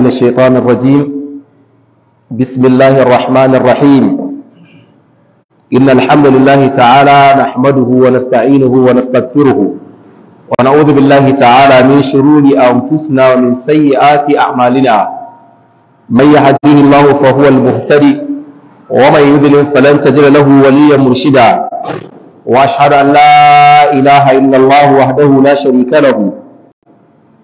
من الشيطان الرجيم بسم الله الرحمن الرحيم إن الحمد لله تعالى نحمده ونستعينه ونستغفره ونعوذ بالله تعالى من شرور أنفسنا ومن سيئات أعمالنا من يهديه الله فهو المهتدي ومن يضلل فلن تجد له وليا مرشدا وأشهد أن لا إله إلا الله وحده لا شريك له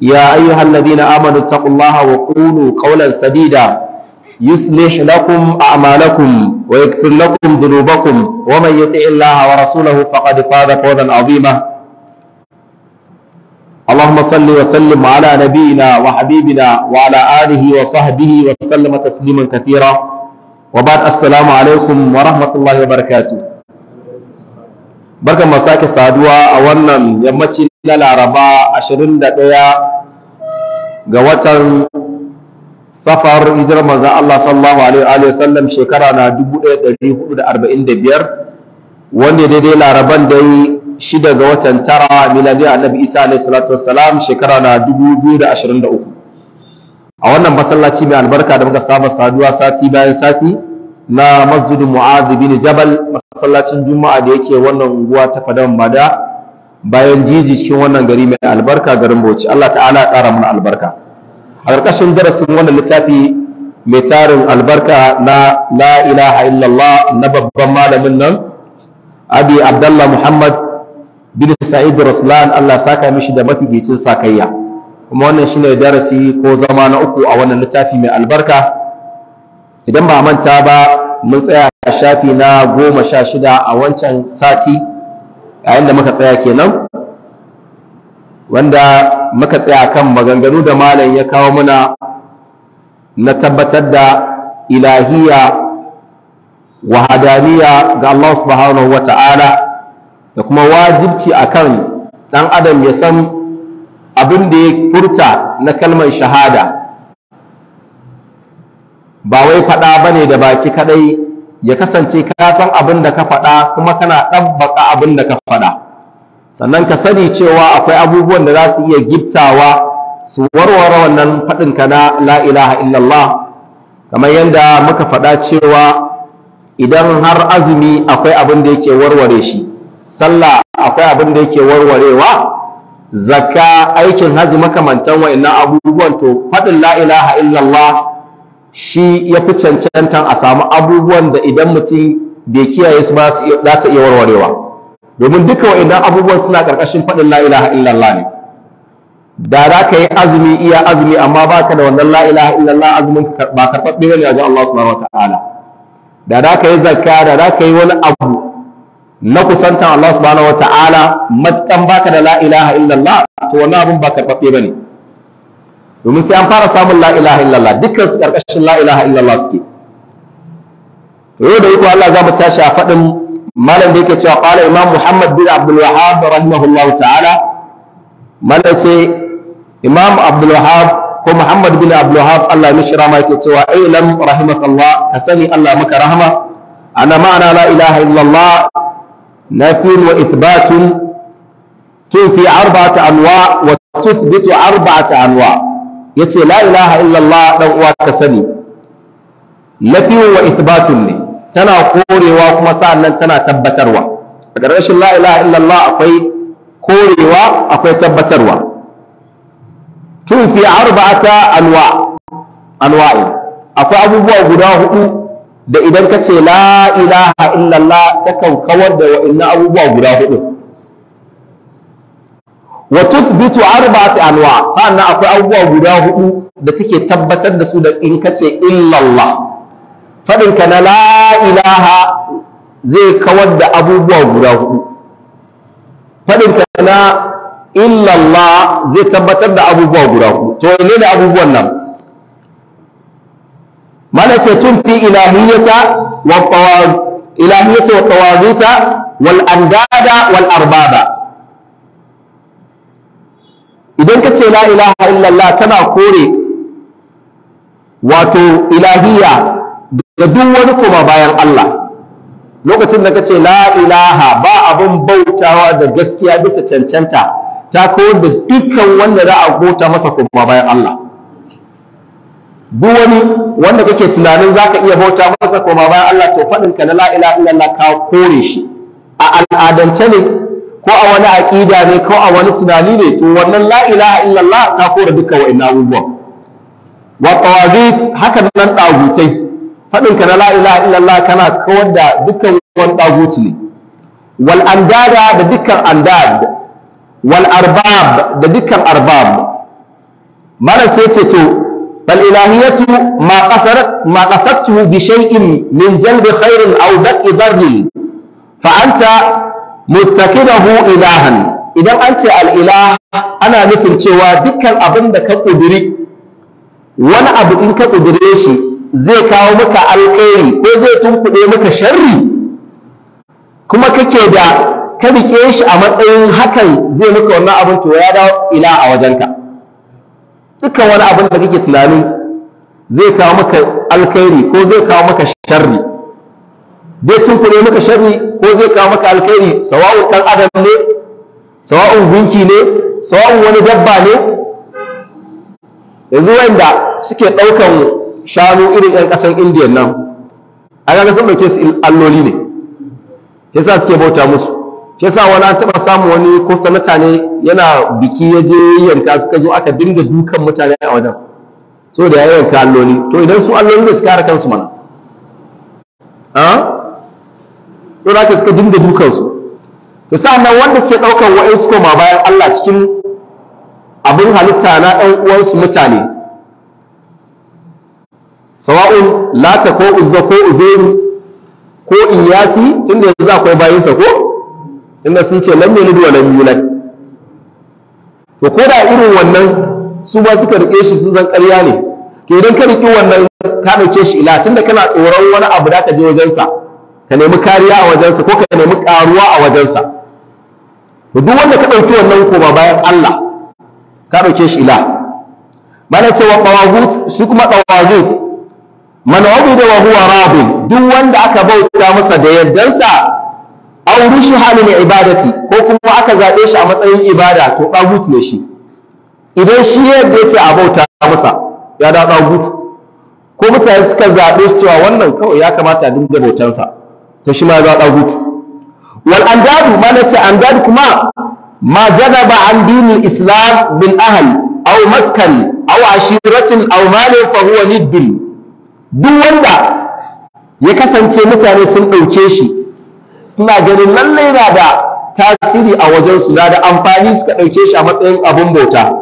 يا أيها الذين آمنوا اتقوا الله وقولوا قولا سديدا يصلح لكم أعمالكم ويكفر لكم ذنوبكم ومن يطع الله ورسوله فقد فاز فوزا عظيما اللهم صل وسلم على نبينا وحبيبنا وعلى آله وصحبه وسلم تسليما كثيرا وبعد السلام عليكم ورحمة الله وبركاته بركة مساك سادوا أولا يمتي na laraba 21 ga watan safar hijirar manzan Allah sallallahu alaihi wa sallam shekara na 1445 wanda daidai laraban da yi shida ga watan tara miladi annabi isa alaihi salatu wassalam shekara na 2023 a wannan masallaci mai albarka da muka saba saduwa sati bayan sati na masjidin mu'adh bin jabal masallacin juma'a da yake wannan unguwa ta fadan mada bayan jiji cikin wannan gari mai albarka garin Bauchi Allah ta'ala ya ƙara mana albarka a ƙarƙashin darasin wannan littafi mai tarin albarka na la ilaha illallah na babban malamin nan abi abdallah muhammad bin sa'id raslan Allah saka mishi da mafificin sakayya kuma wannan shine darasi ko zama na uku a wannan littafi mai albarka idan ba manta ba mun tsaya a shafi na goma sha shida a wancan sati yayin da muka tsaya kenan wanda muka tsaya kan maganganu da malam ya kawo muna na tabbatar da ilahiya wahadaniya ga Allah subhanahu wa da kuma wajibci akan dan adam ya san abin da ya furta na kalmar shahada ba wai faɗa bane da baki kadai ya kasance ka san abin da ka faɗa kuma kana ɗabbaka abin da ka faɗa sannan ka sani cewa akwai abubuwan da za su iya giftawa su warware wannan faɗinka na la illallah kamar yadda muka faɗa cewa idan har azumi akwai abin da yake warware shi sallah akwai abin da yake warwarewa zakka aikin hajji makamantan wa'annan abubuwan to faɗin la'ilaha illallah shi ya fi cancanta a samu abubuwan da idan mutum bai kiyaye su ba za ta iya warwarewa domin duka idan abubuwan suna ƙarƙashin faɗin la'ilaha illallah ne da za ka yi azumi iya azumi amma ba ka da wannan la'ilaha illallah azumin ba karɓaɓɓe ne a ji Allah subhanahu wataala da za ka yi zakka da za ka yi wani abu na kusantan Allah subhanahu wataala matukan ba ka da la'ilaha ilaha illallah to wani abun ba karɓaɓɓe ba ne domin sai an fara samun la ilaha illallah dukkan su ƙarƙashin la ilaha illallah suke to yau da iko Allah za mu tashi a faɗin malam da yake cewa qala imam muhammad bin abdulwahab wahhab rahimahullah ta'ala malam ce imam abdulwahab ko muhammad bin abdulwahab Allah ya shira ma yake cewa ai lam rahimakallah ka sani Allah maka rahama ana ma'ana la ilaha illallah nafin wa ithbatun tufi ta anwa wa tuthbitu ta anwa' ya ce la ilaha illallah ɗan uwa ka sani nafiyun wa ithbatun ne tana korewa kuma sa'annan tana tabbatarwa a ƙarƙashin la ilaha illallah akwai korewa akwai tabbatarwa tufi arba'ata anwa anwa'i akwai abubuwa guda hudu da idan ka ce la ilaha illallah takan kawar da wa'annan abubuwa guda hudu wa tuthbitu arba'ati anwa sannan akwai abubuwa guda hudu da take tabbatar da su da in kace Allah fadin ka na la ilaha zai kawar da abubuwa guda hudu fadin ka na Allah zai tabbatar da abubuwa guda hudu to ne da abubuwan nan mana ce tun fi ilahiyata wa ilahiyata wa tawagita wal andada wal arbaba ce la ilaha illallah tana kore wato ilahiya da duk wani kuma bayan Allah lokacin da kace la ilaha ba abin bautawa da gaskiya bisa cancanta ta kawar da dukkan wanda za a bauta masa kuma bayan Allah duk wani wanda kake tunanin zaka iya bauta masa kuma bayan Allah to faɗin ka na la ilaha illallah ka kore shi a al'adance ne ko a wani aƙida ne ko a wani tunani ne to wannan la ilaha illallah ta kora duka wa ina abubuwan wa tawagit haka nan ɗagutai faɗin ka na la ilaha illallah kana kawar da dukkan wani ɗaguti ne wal andada da dukkan andad wal arbab da dukkan arbab mana sai ce to bal ilahiyatu ma qasarat ma qasattuhu bi shay'in min jalbi khairin aw daf'i darrin fa anta muttakidahu ilahan idan an ce al'ilah ana nufin cewa dukkan abin da ka ƙudiri wani abu in ka ƙudire shi zai kawo maka alƙairi ko zai tunkuɗe maka sharri kuma kake da ka riƙe shi a matsayin hakan zai maka wannan abin to ya dawo ila a wajenka dukkan wani abin da kake tunani zai kawo maka alƙairi ko zai kawo maka sharri zai tunkure maka sharri ko zai kawo maka alkhairi sawa'un dan adam ne sawa'un gunki ne sawa'un wani dabba ne yanzu wanda suke ɗaukan shanu irin 'yan ƙasan indiya nan a ga sun ɗauke su alloli ne yasa suke bauta musu yasa wani an taɓa samu wani ko sanata ne yana biki ya je yanka suka zo aka dinga dukan mutane a wajen so da ya yanka alloli to idan su alloli da suka kare kansu mana za da suka dinga dukansu to nan wanda suke ɗaukar wa'insu koma bayan Allah cikin abin halitta na ɗan uwansu mutane sawa'un lata ko uzza ko uzairu ko iyasi tunda yanzu akwai bayinsa ko tunda sun ce lam ni wa lam yulad to ko da irin wannan su ba suka rike shi sun zan ƙarya ne to idan ka riki wannan ka dauke shi ila tunda kana tsoron wani abu da ka je wajensa ka nemi kariya a wajensa ko ka nemi karuwa a wajensa to duk wanda ka ɗauki wannan koma bayan Allah ka ɗauke shi ila mana cewa ɗawagut shi kuma ɗawagut man ubida wa huwa rabin duk wanda aka bauta masa da yaddansa aw rushi ibada ibadati ko kuma aka zaɓe shi a matsayin ibada to ɗagut ne shi idan shi yadda ya ce a bauta masa ya da ɗagut ko mutane suka zaɓe shi cewa wannan kawai ya kamata a dinga bautansa Ta shi ma ya zaɗa hutu wal andadu ma na ce andad kuma ma ba an dinin islam bin ahal au maskan au ashiratin au malin fahuwa huwa duk wanda ya kasance mutane sun ɗauke shi suna ganin lallai na da tasiri a wajensu na da amfani suka ɗauke shi a matsayin abin bauta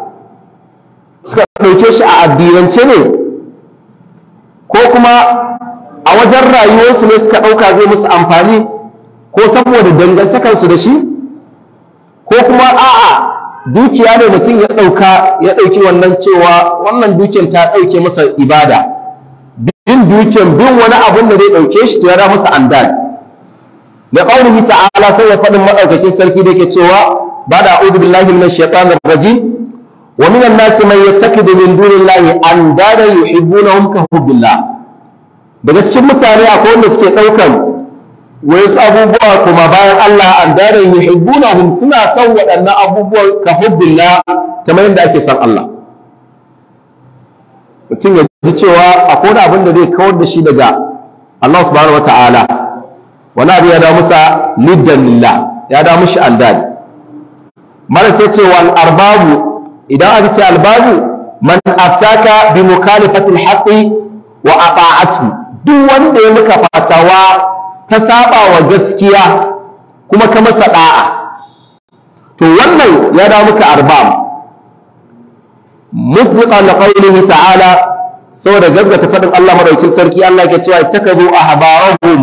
suka ɗauke shi a addinance ne ko kuma a wajen rayuwarsu ne suka ɗauka zai musu amfani ko saboda dangantakarsu da shi ko kuma a'a dukiya ne mutum ya ɗauka ya ɗauki wannan cewa wannan dukiyar ta ɗauke masa ibada bin dukiyar bin wani abin da zai ɗauke shi to ya masa andal da ƙaunihi ta'ala sai ya faɗin maɗaukakin sarki da ke cewa ba da a'udu billahi min mai rajim wa minan nasi man yattakidu min dunillahi andadan yuhibbunahum ka hubbillah daga cikin mutane akwai wanda suke ɗaukan su abubuwa kuma bayan Allah an dare hum suna son waɗannan abubuwan ka hubbilla kamar yadda ake son Allah mutum ya ji cewa akwai wani abin da zai kawar da shi daga Allah subhanahu wa ta'ala wani abu ya da musa liddan lillah ya da mushi aldad mara sai ce wal arbabu idan aka ce albabu man aftaka bi mukhalifatil haqqi wa ata'atuhu duk wanda ya muka fatawa ta saba wa gaskiya kuma ka masa da'a to wannan ya da muka arbam musbiqan li qawlihi ta'ala saboda ta fadin Allah madaukin sarki Allah yake cewa takabu ahbarahum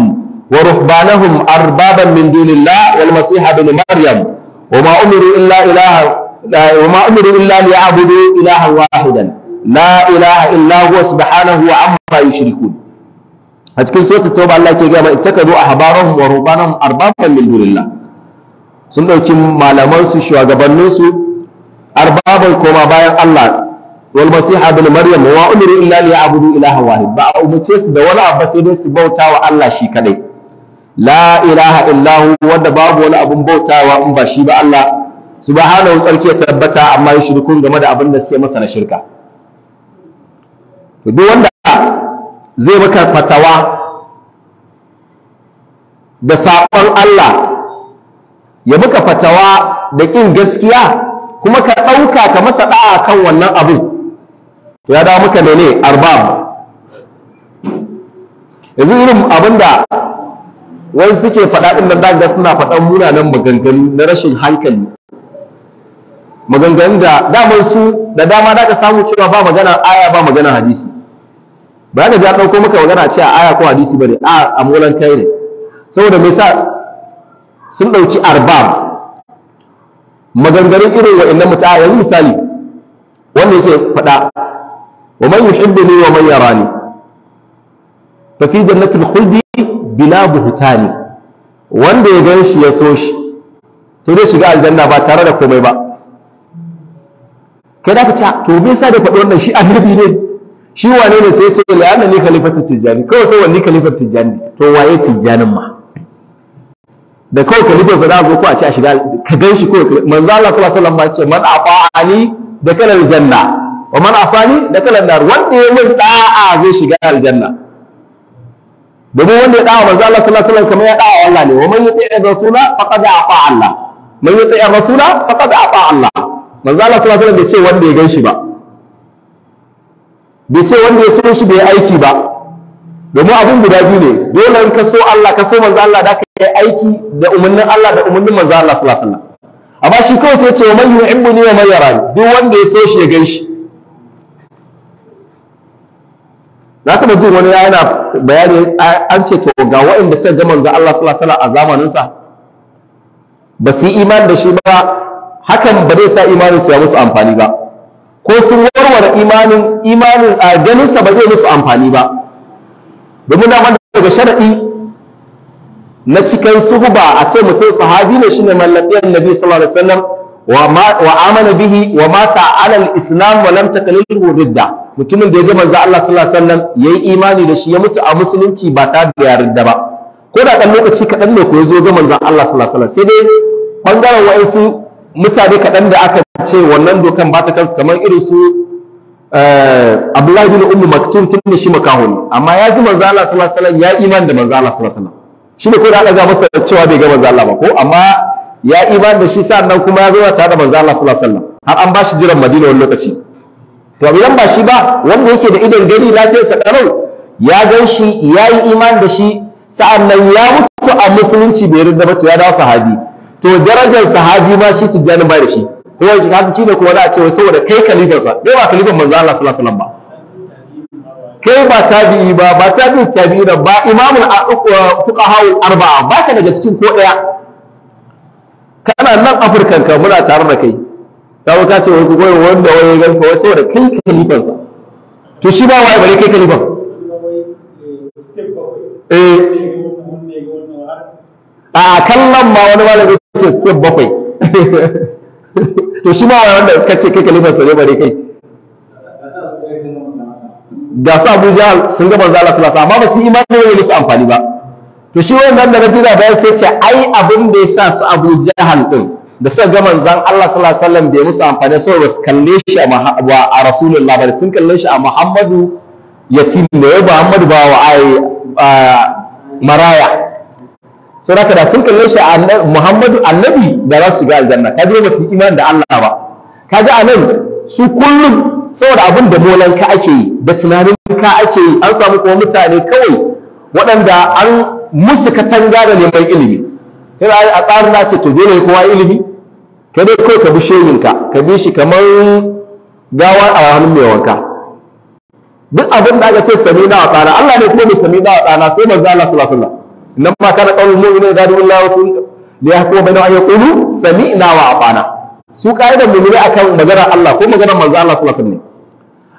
wa ruhbanahum arbaban min dunillahi wal masih ibn maryam وما أمروا إلا إله وما أمروا إلا ليعبدوا إلها واحدا لا إله إلا هو سبحانه وعما يشركون a cikin suratul tauba Allah ke gama ittakazu ahbarahum wa rubanahum arbaban min sun dauki malaman su shugabannin su arbaban koma bayan Allah wal masih ibn maryam wa umiru illa ya'budu ilaha wahid ba a su da wani abba sai dai su bauta wa Allah shi kadai la ilaha illahu wanda babu wani abun bautawa in ba shi ba Allah subhanahu tsarki ya tabbata amma yushrikun game da abin da suke masa na shirka to duk wanda zai maka fatawa da saƙon Allah ya maka fatawa da ƙin gaskiya kuma ka ɗauka ka masa ɗa'a kan wannan abu ya dawo maka ne arbab yanzu irin abinda wai suke faɗa ɗin da daga suna faɗan munanan maganganu na rashin hankali maganganu da daman su da dama da ka samu cewa ba magana aya ba magana hadisi ba ka ji an ɗauko maka magana ce a aya ko hadisi ba ne a amolan kai ne saboda me sa sun ɗauki arbab maganganun irin wa'annan a yanzu misali wanda yake faɗa wa man yuhibbuni wa man yarani fa fi jannatil khuldi bila buhtani wanda ya gan shi ya so shi to zai shiga aljanna ba tare da komai ba kai da ka ce to me yasa da faɗi wannan shi annabi ne shi wane ne sai ce la'anna ni khalifatu tijani kawai sai wani khalifatu tijani to waye tijanin ma da kawai khalifar sa da zo ko a ce a shiga ka ganshi? ko manzo Allah sallallahu alaihi wasallam ba ce man afa'ani da kalal janna wa man asani da kalal nar wanda ya min da'a zai shiga aljanna domin wanda ya da'a manzo Allah sallallahu alaihi wasallam kamar ya da'a Allah ne wa man yuti'i rasula faqad afa Allah man yuti'i rasula faqad afa Allah manzo Allah sallallahu alaihi wasallam bai ce wanda ya ganshi ba bai ce wanda ya so shi bai aiki ba domin abin guda biyu ne dole in ka so Allah ka so manzo Allah da ka yi aiki da umarnin Allah da umarnin manzo Allah sallallahu alaihi wasallam amma shi kawai sai ce man ni wa man yarani duk wanda ya so shi ya ganshi na taba jin wani yana bayani an ce to ga waɗanda suka ga manzo Allah sallallahu alaihi wasallam a zamanin sa ba su yi imani da shi ba hakan ba zai sa imanin su ya musu amfani ba ko sun warware imanin imanin a ganinsa ba zai musu amfani ba domin da daga sharaɗi na cikin suhuba a ce mutum sahabi ne shine mallakiyar annabi sallallahu alaihi wasallam wa amana bihi wa mata alal islam wa lam taqlilhu ridda mutumin da ya ga manzo Allah sallallahu alaihi wasallam yayi imani da shi ya mutu a musulunci ba ta da yarda ba ko da kan lokaci kadan ne ko ya zo ga manzo Allah sallallahu alaihi wasallam sai dai bangaren wa'ansu mutane kadan da aka ce wannan dokan ba ta kansu kamar irin su eh, Abdullahi bin Ummu Maktum tun da shi makahun amma ya ji manzo Allah sallallahu alaihi wasallam ya iman da manzo Allah sallallahu alaihi wasallam shi ne ko da Allah masa cewa bai ga manzo Allah ba ko amma ya iman da shi sannan kuma ya zauna tare da manzo Allah sallallahu alaihi wasallam har an ba shi jiran Madina wani lokaci to idan ba shi ba wanda yake da idan gari lafiyarsa karau ya gan shi ya yi iman da shi sa'annan ya mutu a musulunci bai rinda ba to ya dawo sahabi to darajar sahabi ma shi tijjani ba da shi ko ya haka ne kuma za a ce saboda kai kalifansa kai ba kalifan manzo Allah sallallahu alaihi wasallam ba kai ba tabi'i ba ba tabi'i tabi'i da ba imamul uh, fuqahaul arba'a ba ka daga cikin ko daya kana nan afirkan ka muna tare da kai ka ka ce wani goyi wanda wani garfa wai saboda kai kalifansa to shi ba wai bare kai kalifan eh a kallon ma wani malami ce step bakwai to shi ma wanda ce kai kalifarsa ne bare kai ga su Abu sun ga manzo Allah sallallahu alaihi amma ba su imani ne su amfani ba to shi wannan da da bayan sai ce ai abin da ya sa su Abu Jahal din da suka ga manzon Allah sallallahu alaihi wasallam bai musu amfani so ba su kalle shi a a Rasulullah ba sun kalle shi a Muhammadu yatim ne ba Muhammadu ba wa ai maraya sai haka da sun kalle shi Muhammadu annabi da za su shiga aljanna kaje ba su yi imani da Allah ba kaje anan su kullum saboda abin da molan ka ake yi da tunanin ka ake yi an samu kuma mutane kawai waɗanda an musu katanga da neman ilimi sai a tsarin na ce to dole kowa ilimi ka dai kawai ka bi shehin ka bi shi kamar gawa a hannun mai wanka duk abin da aka ce sami na wa Allah ne kuma mai sami na wa sai manzo Allah sallallahu alaihi wasallam lamma kana qaulul mu'minina idza du'u Allah wasu da ya kuma bayan ayyuka qulu sami'na wa ata'na su kaidan mu'mini akan maganar Allah ko maganar manzo Allah sallallahu alaihi wasallam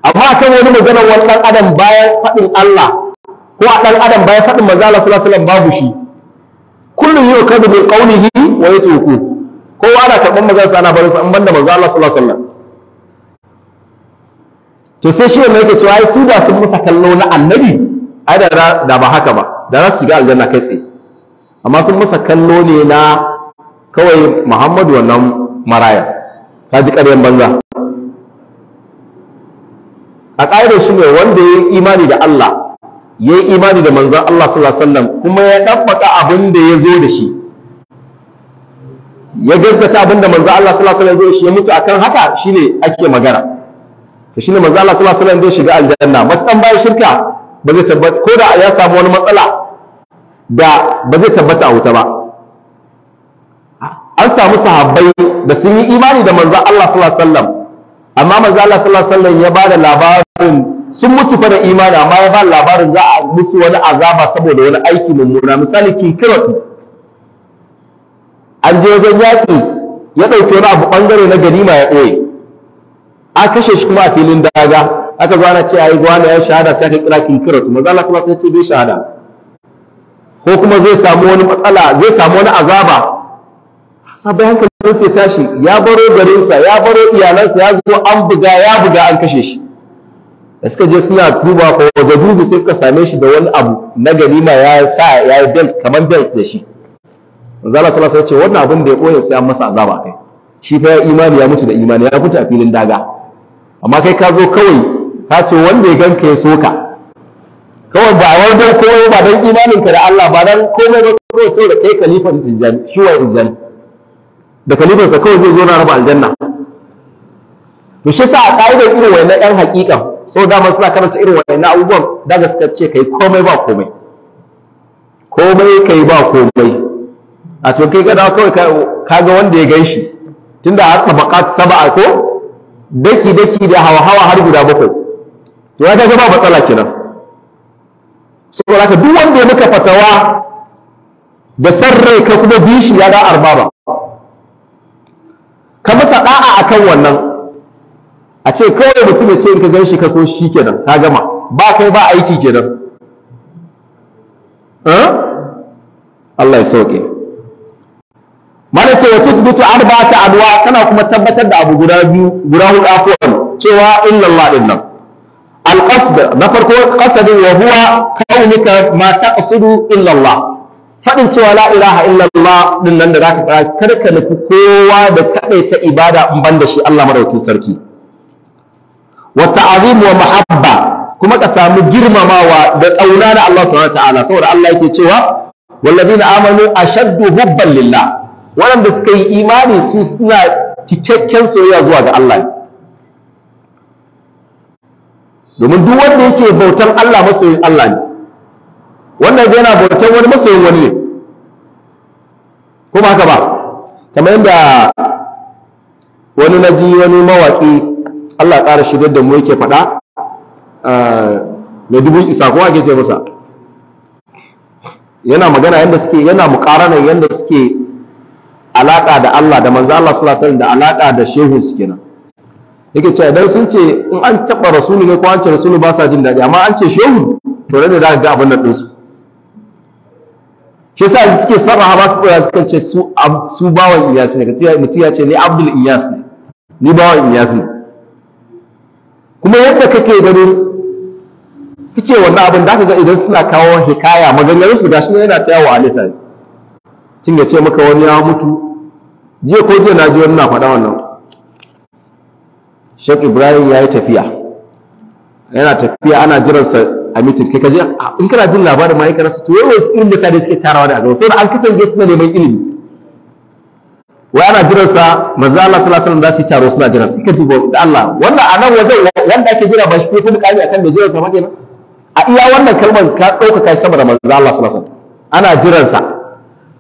amma akan wani maganar wani dan adam bayan fadin Allah ko a dan adam bayan fadin manzo Allah sallallahu alaihi wasallam babu shi yau yukadu bi qawlihi wa yatruku kowa ana karban maganar sa ana barin sa in banda manzo Allah sallallahu alaihi wasallam to sai shi ne yake cewa ai su da sun musa kallo na annabi ai da ba haka ba da za su shiga aljanna kai tsaye amma sun masa kallo ne na kawai muhammadu wannan maraya ta ji ƙaryen banza a ƙa'idar shi ne wanda ya yi imani da Allah ya yi imani da manzan Allah sallallahu alaihi wasallam kuma ya ɗabbaka abin da ya zo da shi ya gaskata abin da manzan Allah sallallahu alaihi wasallam ya zo da shi ya mutu akan haka shine ake magana to shine manzan Allah sallallahu alaihi wasallam zai shiga aljanna matsan bayan shirka ba zai tabbata ko da ya samu wani matsala da ba zai tabbata a wuta ba an samu sahabbai da sun yi imani da manza Allah sallallahu alaihi wasallam amma manzon Allah sallallahu alaihi wasallam ya labarin sun mutu fa da imani amma ya ba labarin za a musu wani azaba saboda wani aiki mummuna misali kinkiratu an je wajen yaƙi ya ɗauki wani abu ɓangare na ganima ya ɓoye a kashe shi kuma a filin daga aka zo ana ce ayi wani ya shahada sai aka kira kinkiratu manzo Allah sallallahu alaihi wasallam ce bai shahada ko kuma zai samu wani matsala zai samu wani azaba sabai hankalin sai tashi ya baro garinsa ya baro iyalansa ya zo an buga ya buga an kashe shi da suka je suna duba ko dubu sai suka same shi da wani abu na ganima ya sa ya yi belt kamar belt da shi manzo Allah sallallahu alaihi wasallam ya ce wannan abin da ya koya sai an masa azaba kai shi fa ya imani ya mutu da imani ya mutu a filin daga amma kai ka zo kawai ka ce wanda ya ganka ya soka kawai ba wai dan komai ba dan imanin ka da Allah ba dan komai ba kawai sai da kai kalifan tijjani shi wa da kalifan sa kawai zai zo na raba aljanna to shi sa a ka'idar irin na ɗan hakikan so dama suna karanta irin na abubuwan da gaskiya ce kai komai ba komai komai kai ba komai a to kai kada kawai kaga wanda ya ganshi tunda a tabaqat sab'a ko daki daki da hawa hawa har guda bakwai ya ga ba matsala kenan saboda haka duk wanda ya muka fatawa da san rai ka kuma bi shi ya ga arbaba ka masa da'a akan wannan a ce kawai mutum ya ce in ka gan shi ka so shi kenan ka gama ba kai ba aiki kenan Allah ya sauke mana ce wa arba ta anwa tana kuma tabbatar da abu guda biyu guda hudu afuwan cewa in Allah din nan alƙasd na farko ƙasadin ya huwa kaunika ma taqsidu illa faɗin cewa la ilaha illallah din nan da zaka fara kar ka nufi kowa da kaɗai ta ibada in ban da shi Allah madaukakin sarki wa ta'zim wa mahabba kuma ka samu girmamawa da ƙauna da Allah subhanahu ta'ala saboda Allah yake cewa walladina amanu ashaddu hubban lillah waɗanda suka yi imani su suna cikakken soyayya zuwa ga Allah domin duk wanda yake bautan Allah masoyin Allah ne wannan yana bautan wani masoyin wani ne kuma haka ba kamar yadda wani naji wani mawaƙi Allah ƙara shigar da mu yake faɗa eh, mai dubun isa kuma ake ce masa yana magana yadda suke yana muƙaranar yadda suke alaƙa da Allah da manzo Allah sallallahu alaihi wasallam da alaƙa da shehu su kenan yake cewa dan sun ce in an taba rasulu ne ko an ce rasulu ba sa jin daɗi amma an ce shehu to da za ka ga abin nan su? shi sa suke sarraha ba su ɓoya sukan ce su bawan iyas ne mutum ya ce ni abdul iyas ne ni bawan iyas ne kuma yadda kake gani suke wannan abin da ga idan suna kawo hikaya maganar su gashi ne yana ta a littafi tun ya ce maka wani ya mutu jiya ko jiya na ji wani na faɗa wannan Sheikh Ibrahim ya yi tafiya yana tafiya ana jiransa a mitin kai kaji ah, in kana jin labarin ma ya karasa to yawan wasu irin mutane suke tarawa da gaba sai da an kitan gasu na neman ilimi wa ana jiransa manzo Allah sallallahu alaihi wasallam za su yi taro suna jiransa kaji ji da Allah wannan nan wajen wanda ake jira ba shi ko kuma kai akan da jiransa ba kenan a iya wannan kalmar ka dauka kai saboda manzo Allah sallallahu alaihi wasallam ana jiransa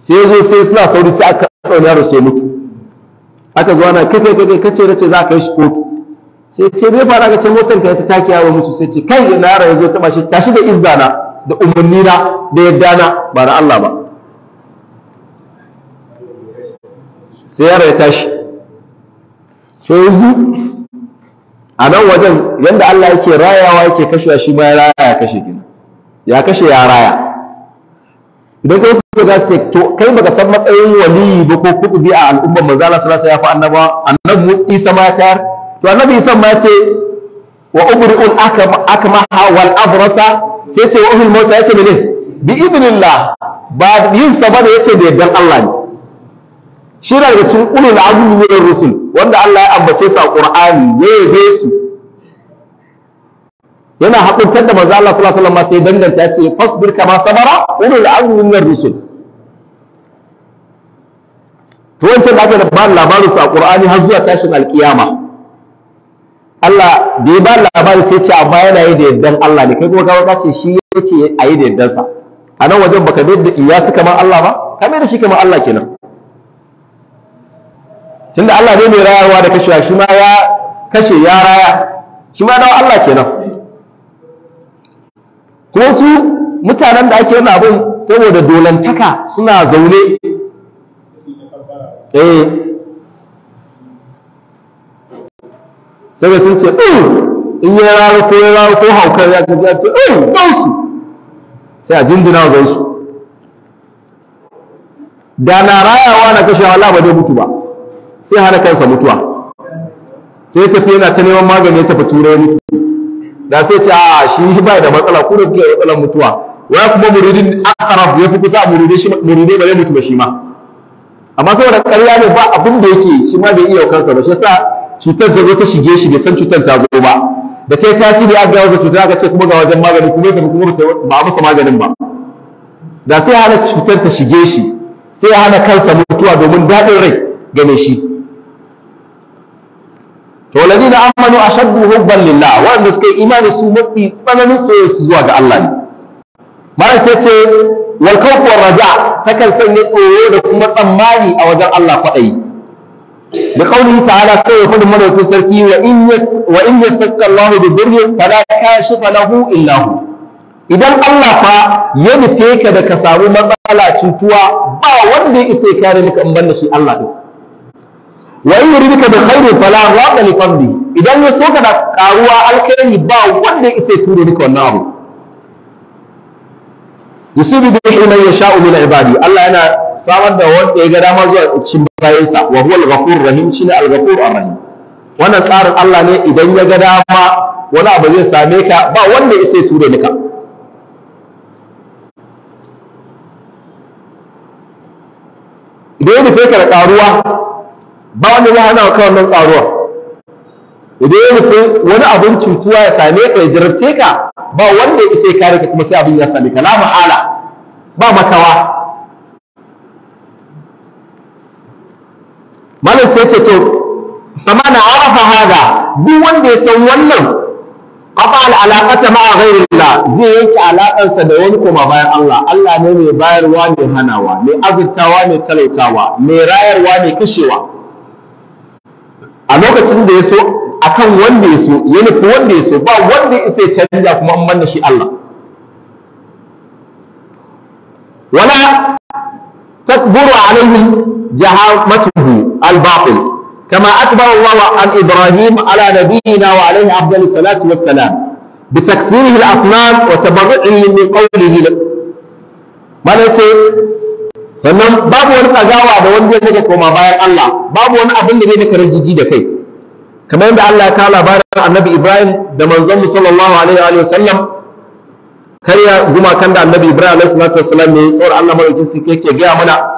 sai zo sai suna sauri sai aka dauki yaro sai mutu aka zo ana kai kai kai kace ce za ka yi shi kotu sai ce bai fara ka ce motar ka ta take yawo musu sai ce kai ina yaro yazo taba shi tashi da izzana da umarni na da yadda na ba na Allah ba sai yaro ya tashi to yanzu a nan wajen yanda Allah yake rayawa yake kashewa shi ma ya raya ya kashe gina ya kashe ya raya idan ka yi ga sai to kai baka san matsayin waliyi ba ko bi a al'ummar manzala sallallahu alaihi wasallam ya fa annabawa annabi Isa ma ta to annabi isan ma ce wa ubri'ul akmaha wal abrasa sai ce wa ubri'ul mauta yace mene bi idnillah ba yin sa bane yace da yaddan Allah ne shi daga cikin ulul azmi da rusul wanda Allah ya ambace su a Qur'ani ne be su yana hakuntar da manzo Allah sallallahu alaihi wasallam sai danganta yace fasbir kama sabara ulul azmi min rusul to wancan da aka ba labarin su a Qur'ani har zuwa tashin alkiyama Allah bai ba labari sai ce amma yana yi da yardan Allah ne kai kuma ka ka ce shi yace a yi da sa a nan wajen baka bai da iyasu kamar Allah ba ka mai da shi kamar Allah kenan tunda Allah ne mai rayarwa da kashewa shi ma ya kashe ya raya shi ma dawo Allah kenan kuma su mutanen da ake yana abin saboda dolantaka suna zaune eh sai sun ce oh, in ya rara ko ya rara ko haukar ya gaji ya ce in oh, gausu sai a jinjina wa gaisu. da na rayawa na kashe Allah ba zai mutu ba sai hana kansa mutuwa sai ya tafi yana ta neman magani ya tafi turai ya mutu da sai ce a shi shi ba da matsala ko da kuke da matsalar mutuwa wa kuma muridin akarab ya fi kusa muridai shi muridai ba zai mutu ba shi ma amma saboda ƙarya ne ba abin da yake shi ma bai iya kansa ba shi yasa cutar da wata ta shige shi da san cutar ta zo ba da ta yi tasiri a ga wasu cutar aka ce kuma ga wajen magani kuma ya kuma ba a masa maganin ba da sai hana cutar ta shige shi sai ya hana kansa mutuwa domin daɗin rai game shi to ladin da amanu ashaddu hubban lillah wanda suka yi imani su mafi tsananin soyayya su zuwa ga Allah ne mara sai ce wal khawfu raja takan sanya tsoro da kuma tsammani a wajen Allah kwaɗayi da qaulihi ta'ala sai ya kudu madaukin sarki wa in wa in yastaska Allah bi birrin fala kashifa lahu illa hu idan Allah fa ya nufe ka da ka samu matsala cutuwa ba wanda ya isa ya kare maka in banda shi Allah din wa in yuridka da khairu fala wa li fadli idan ya soka da karuwa alkhairi ba wanda ya isa ya ture maka wannan abu yusubi bihi man yasha'u min ibadi Allah yana samar da wanda ya ga dama zuwa cikin bayansa wa huwa al-ghafur rahim shine al-ghafur ar-rahim wannan tsarin Allah ne idan ya ga dama wani abu zai same ka ba wanda ya sai ture maka idan ya ka da karuwa ba wanda ya hana ka wannan karuwa idan ya nufe wani abin cutuwa ya same ka ya jarabce ka ba wanda ya sai kare ka kuma sai abin ya same ka la mahala ba makawa malam sai ce to na arafa hada duk wanda ya san wannan qata al alaqata ma'a ghairillah zai yanke alaƙarsa da wani kuma bayan Allah Allah ne mai bayarwa ne hanawa mai azurtawa ne talaitawa mai rayarwa ne kashewa a lokacin da ya so akan wanda ya so ya nufi wanda ya so ba wanda ya sai canja kuma an manna shi Allah wala تكبر عليهم جهامته الباطل كما أكبر الله عن إبراهيم على نبينا وعليه أفضل الصلاة والسلام بتكسيره الأصنام وتبرعه من قوله ما sannan babu wani ɗagawa da wanda ya nake koma bayan Allah babu wani abin da zai naka rajiji da kai kamar yadda Allah ya kawo labarin annabi Ibrahim da manzon sallallahu alaihi wa sallam guma kan da annabi ibrahim alaihi wasallam ne tsawar Allah madaukin sarki yake ga mana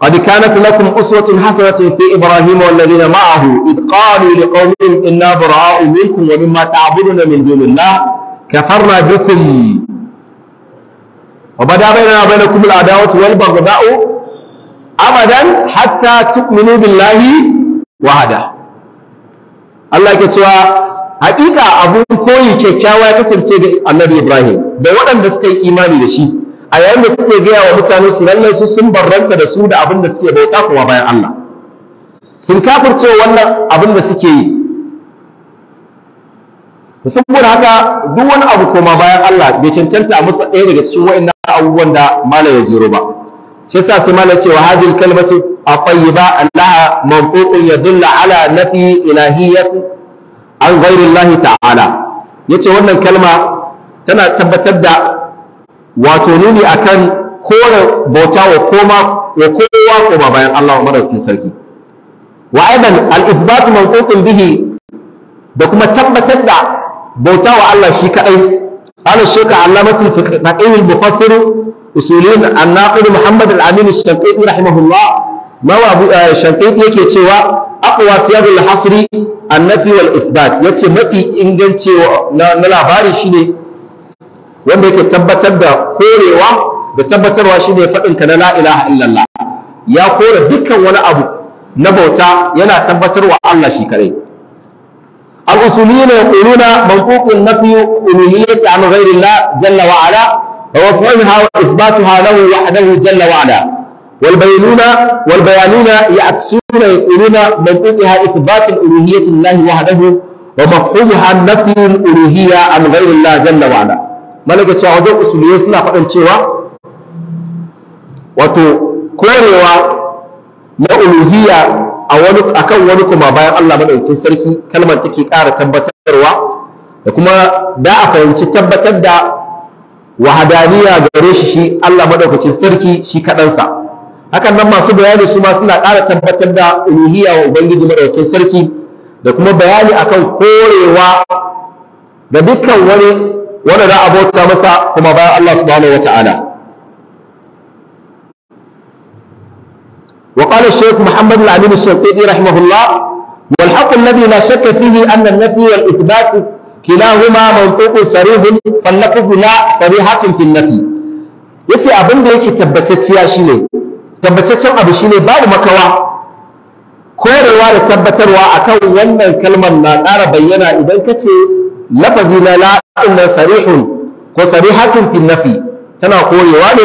قد كانت لكم أسوة حسنة في إبراهيم والذين معه إذ قالوا لقومهم إنا براء منكم ومما تعبدون من دون الله كفرنا بكم وبدا بيننا وبينكم العداوة والبغضاء أبدا حتى تؤمنوا بالله وحده الله كتوى hakika abun koyi kyakkyawa ya kasance ga annabi ibrahim da waɗanda suka yi imani da shi a yayin da suke gaya wa mutane su lallai su sun barranta da su da abin da suke bauta kuma bayan allah sun kafirce wannan abin da suke yi saboda haka duk wani abu koma bayan allah bai cancanta a musa ɗaya daga cikin wa'annan abubuwan da malam ya ziro ba shi yasa sai malam cewa hadil kalmatu a tayyiba allaha ya yadulla ala nafi ilahiyyati an ghairillahi ta'ala yace wannan kalma tana tabbatar da wato nuni akan kore bauta wa koma wa kowa ko bayan Allah wa sarki wa aidan al ithbat manqutun bihi da kuma tabbatar da bauta wa Allah shi kaɗai. ala shuka alamatul fikr naqil al mufassir usulin an naqil muhammad al amin al shaqiqi rahimahullah ma wa eh, shaqiqi yake cewa aqwa siyabul hasri annafi wal ithbat yace mafi inganci na, labari shine wanda yake tabbatar da korewa da tabbatarwa shine faɗin ka na la ilaha illallah ya kore dukkan wani abu na bauta yana tabbatarwa Allah shi kadai al-usuliyyin yaquluna manququn nafi uluhiyyati an ghayrillah jalla wa ala wa wafa'uha wa ithbatuha lahu wahdahu jalla wa ala والبينون ya يعكسون يقولون منطقها إثبات الألوهية الله وحده ومفهومها نفي الألوهية عن غير الله جل وعلا malaka cewa wajen usuliyo suna faɗin cewa wato korewa na uluhiyya a wani akan wani kuma bayan Allah madaukakin sarki kalman take ƙara tabbatarwa da kuma da a fahimci tabbatar da wahadaniya gare shi shi Allah madaukakin sarki shi kaɗansa hakan nan masu bayani su ma suna ƙara tabbatar da uluhiyya wa ubangiji maɗaukin sarki da kuma bayani akan korewa ga dukkan wani wanda za a bauta masa kuma bayan Allah subhanahu wata'ala wa qala shaykh muhammad al-amin al-shaqiqi rahimahullah wal haqq alladhi la shakka fihi an an-nafi wal ithbat kilahuma mawququn sarihun fal lafzu la sarihatin fil nafi yace abin da yake tabbatacciya shine tabbataccen abu shine babu makawa korewa da tabbatarwa akan wannan kalmar na ƙara bayyana idan ka ce lafazi na la'in na sarihun ko sarihatun fin nafi tana korewa ne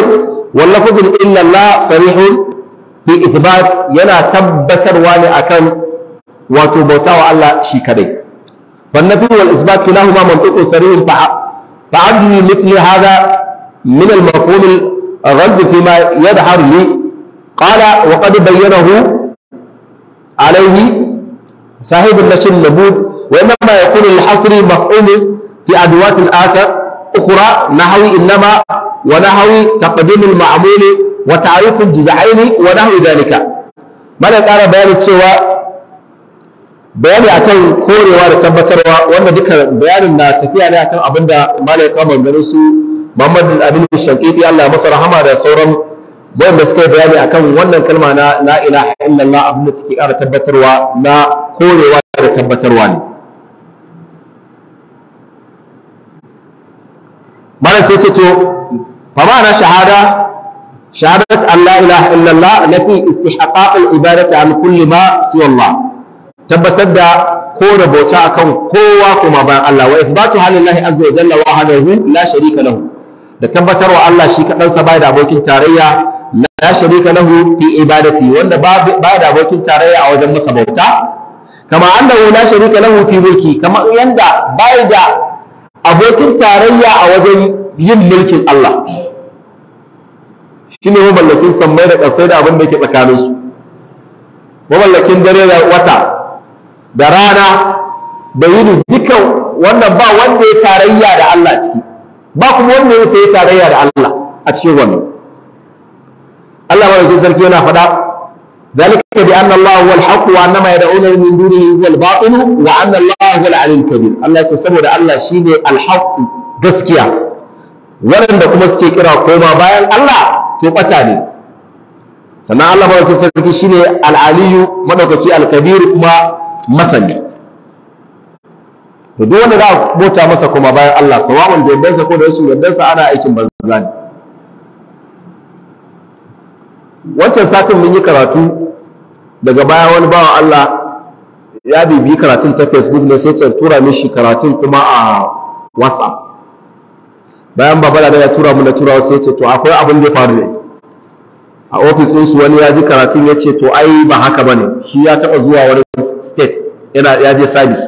wallafuzin illallah sarihun bi ithbat yana tabbatarwa ne akan wato bautawa Allah shi kadai والنفي والإثبات كلاهما منطق سريع فعدل مثل min من المفهوم الغلب فيما يظهر لي qala wa qad bayyanahu alayhi صاحب النشر اللبود وإنما يكون الحصر مفعول في أدوات الآخر أخرى نحو إنما ونحو تقديم المعمول وتعريف الجزعين ونحو ذلك ماذا قال بيان سوى bayani akan korewa da tabbatarwa wanda duka bayanin na tafiya ne akan abinda malai kama ganin su Muhammad Amin Shankiti Allah masa rahama da sauran wanda suka yi bayani akan wannan kalma na la ilaha illallah abin da take ƙara tabbatarwa na korewa da tabbatarwa ne malam sai ce to fa ma'ana shahada shahadat an la ilaha illallah na fi al ibadati an kulli ma siwa Allah tabbatar da kore bauta akan kowa kuma bayan Allah wa ithbatu halillahi azza wa jalla wahdahu la sharika lahu da tabbatarwa Allah shi kadan sa bai da abokin tarayya la sharika lahu fi ibadati wanda ba da abokin tarayya a wajen masa bauta kama annahu la sharika lahu fi mulki kama yanda ba da abokin tarayya a wajen yin mulkin Allah shine mamallakin sammai da kasai da abin da yake tsakanin su mallakin dare da wata da rana da yini dukkan wannan ba wanda ya tarayya da Allah ciki ba kuma wanda ya tarayya da Allah a cikin wannan Allah madaukakin sarki yana faɗa wa al ذلك بأن الله هو الحق وأن ما يدعون من دونه هو الباطل وأن الله Allah ya ce saboda Allah الله شيني الحق gaskiya waɗanda kuma suke kira koma bayan Allah to ɓata ne sannan Allah maɗauki sarki shine al'aliyu maɗaukaki alkabir kuma masani To duk wanda za a bota masa koma bayan Allah sawawan da yardansa ko da rashin yardansa ana aikin banza ne wancan satin mun yi karatu daga baya wani bawa Allah ya bibi karatun ta facebook ne sai ta tura mishi karatun kuma a whatsapp bayan baba da ya tura mun da tura sai ce to akwai abin da ya faru ne a ofis din su wani ya ji karatun ya ce to ai ba haka bane shi ya taba zuwa wani state yana ya je service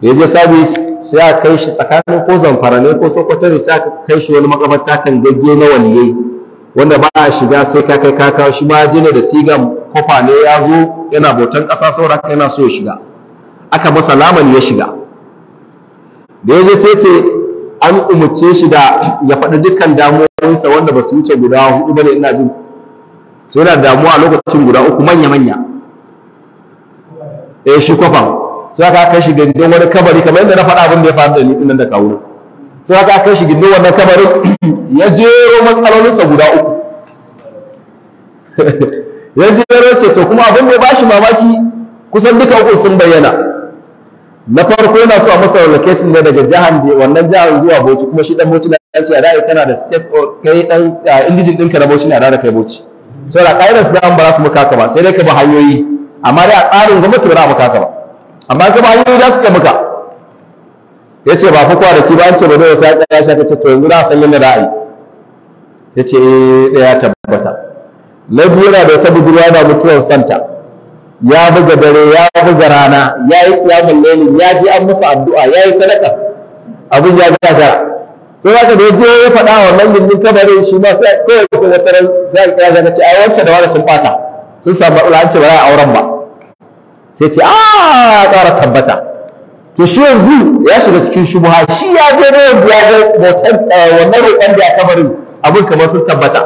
ya je service sai a kai shi tsakanin ko zamfara ne ko sokoto ne sai aka kai shi wani makabarta kan gaggo na waliyai wanda ba a shiga sai ka kai kaka shi ma jini da sigan kofa ne ya zo yana botan ƙasa sauran yana so ya shiga aka masa laman ya shiga da ya je sai ce an umarce shi da ya faɗi dukkan damuwarsa wanda ba su wuce guda hudu ba ne ina jin sai yana damuwa lokacin guda uku manya-manya eh shi kwafan sai aka kai shi gangan wani kabari kamar yadda na faɗa abin da ya faru da ni nan da kawo sai haka kai shi gindin wannan kamarin ya jero matsalolinsa guda uku ya jero ce to kuma abin da ya bashi mamaki kusan duka uku sun bayyana na farko yana so a masa relocation ne daga jihar da wannan jihar zuwa Bauchi kuma shi dan Bauchi na ce a ra'ayi kana da state kai dan indijin dinka na Bauchi na da kai Bauchi da ƙa'idar su da ba za su maka ba sai dai ka ba hanyoyi amma dai a tsarin gwamnati ba za a maka ba amma ka ba hanyoyi za su ka maka ya ce ba fi kwanaki ba an ce ba zai sa ya shaka ka ce to yanzu za a san yadda ra'ayi ya ce eh ɗaya tabbata na biyu yana da wata budurwa da mutuwar santa ya buga dare ya buga rana ya yi kiyamun lelin ya ji an musu addu'a ya yi sadaka abin ya gara sai zaka da je ya faɗa wa nan kabarin shi ma sai kawai ko wata ran sai ka ga ce a wancan da wani sun bata sun samu matsala an ce ba za a auren ba sai ce ah, a ƙara tabbata to shi yanzu ya shiga cikin shubuha shi ya je ne yanzu ya ga motsin eh, wannan roƙon da ya kabarin abin kamar sun tabbata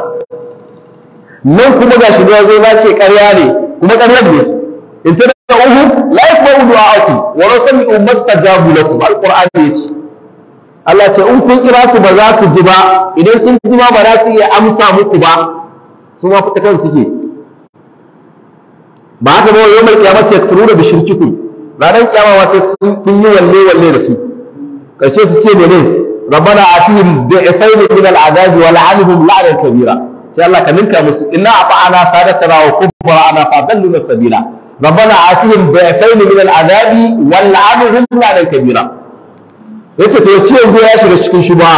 nan kuma ga shi ya zo ce ƙarya ne kuma ƙaryar ne in ta da uhu la yasma'u du'a'akum wa la ummat tajabu lakum alqur'ani ce. Allah ce in kun kira su ba za su ji ba idan sun ji ba ba za su iya amsa muku ba su ma fita kan suke ba haka ba yau mai kiyama ce turu da bishirkikum ranar kyamawa sai sun yi walle walle da su karshe su ce mene rabbana atihim bi'fayn min al'adabi wa la'anhum la'nan kabira sai Allah ka ninka musu inna ata'ana sadata wa kubra ana fadalluna sabila rabbana atihim bi'fayn min al'adabi wa la'anhum la'nan kabira yace to shi yanzu ya shiga cikin shuba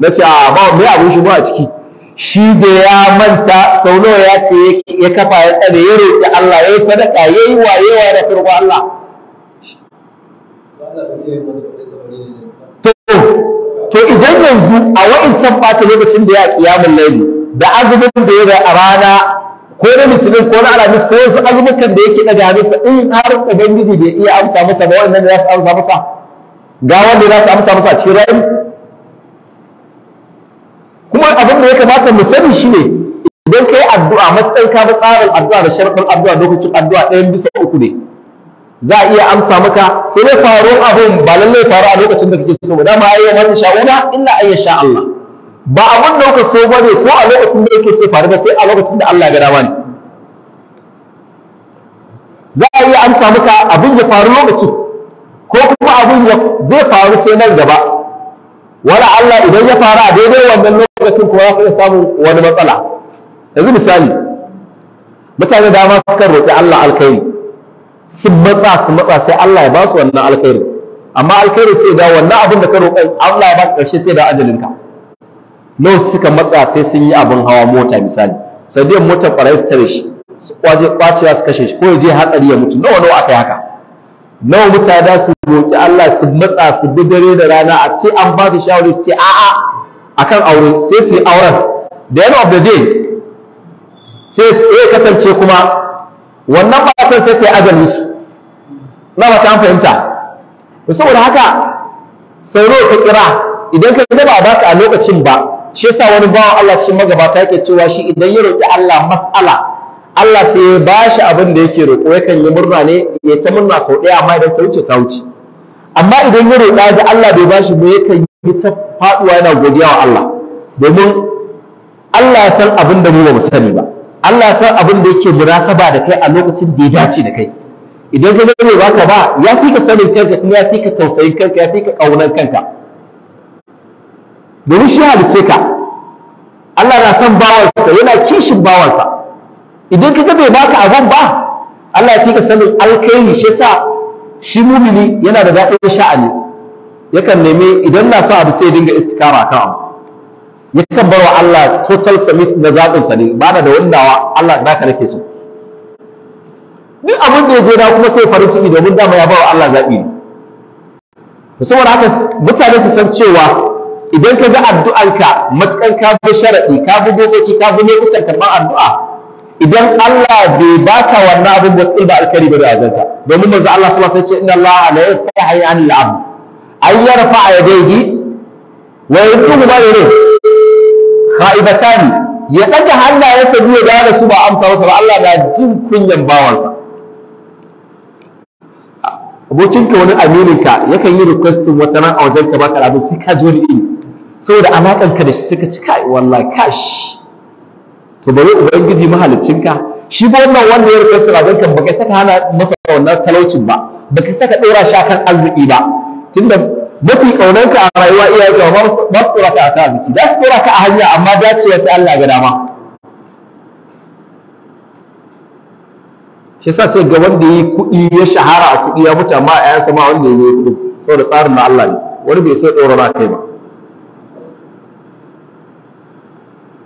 nace a ah, ba me abun shubha a ciki shi da ya manta sau nawa ya ce ya kafa ya tsare ya roƙi Allah ya yi sadaka ya yi wayewa da turbo Allah to idan yanzu a can ɓata lokacin da ya ƙiyamun laili da azumin da ya da a rana ko na litinin ko na alamis ko wasu azumukan da yake ɗaga masa in har ubangiji bai iya amsa masa ba wannan da za su amsa masa ga wanda za su amsa masa cikin ra'ayi kuma abin da ya kamata mu sani ne, idan ka yi addu'a matsayin ka tsarin addu'a da sharɗin addu'a lokacin addu'a ɗayan bisa uku ne za a iya amsa maka sai dai faruwar abin ba lallai faru a lokacin da kake so ba dama ayi wata sha'una illa ayya sha Allah ba abin da kuka so bane ko a lokacin da kake so faru ba sai a lokacin da Allah ya ga dama ne za a iya amsa maka abin ya faru lokacin ko kuma abin ya zai faru sai nan gaba wala Allah idan ya faru a daidai wannan lokacin kuma ya samu wani matsala yanzu misali mutane dama suka roƙi Allah alkhairi su matsa su matsa sai Allah ya ba su wannan alkhairi amma alkhairi sai da wannan abin da ka roƙa Allah ya ba ƙarshe sai da ajalinka no suka matsa sai sun yi abin hawa mota misali sai dai motar ɓarayi su tare shi su kwaje kwacewa su kashe shi ko ya je hatsari ya mutu nawa nawa aka yi haka nawa mutane su roƙi Allah su matsa su bi dare da rana a ce an ba su shawari su ce a'a akan aure sai su yi auren da end of the day sai ya eh, kasance kuma wannan matan sai ta yi ajali su na ba ta fahimta saboda haka sauro ka kira idan ka ga ba baka a lokacin ba shi yasa wani bawan Allah cikin magabata yake cewa shi idan ya roki Allah mas'ala Allah sai ya ba shi abin da yake roƙo yakan yi murna ne ya ta murna sau ɗaya amma idan ta wuce ta wuce amma idan ya roƙa ga Allah bai bashi ba yakan yi ta faɗuwa yana godiya wa Allah domin Allah ya san abin da mu ba mu sani ba Allah san abin da yake murasaba da kai a lokacin da ya dace da kai idan ka gane baka ba ya fi ka sanin kanka kuma ya fi ka tausayin kanka ya fi ka kaunar kanka domin shi halice ka Allah na san bawansa yana kishin bawansa idan ka bai baka abin ba Allah ya fi ka sanin alkairi shi sa shi mumini yana da daɗin sha'ani yakan nemi idan na sa abu sai dinga istikara kan abu ya kabbar wa Allah total submit na zaɓin sa ne ba da wannawa Allah naka nake so duk abin da ya je da kuma sai farin ciki domin dama ya ba wa Allah zaɓi ne saboda haka mutane su san cewa idan ka ga addu'anka matukan ka bi sharaɗi ka bi dokoki ka bi lokutan karɓar addu'a idan Allah bai baka wannan abin da tsaye da alkari ba da azanta domin manzo Allah sallallahu alaihi wasallam ya ce inna Allah la yastahi an al-abd ay yarfa yadayhi wa yadullu ma khaibatani ya daga hannayensa biyu da da su ba amsa masa ba Allah na jin kunyan bawansa abokinka wani amininka yakan yi requestin wata ran a wajen ka baka abin sai ka ji saboda alakan da shi suka ci kai wallahi kash to bari ubangiji mahaliccinka shi ba wannan wanda ya requestin abin kan baka saka hana masa wannan talaucin ba baka saka ɗora shi akan arziki ba tunda mafi ƙaunanka a rayuwa iyayenka ba su tsora ka a kan ziki za su ka a hanya amma dacewa sai Allah ga dama shi sa sai ga wanda ya yi kuɗi ya shahara a kuɗi ya mutu amma a yansa ma wanda ya yi kuɗi saboda tsarin na Allah ne wani bai sai tsoro na kai ba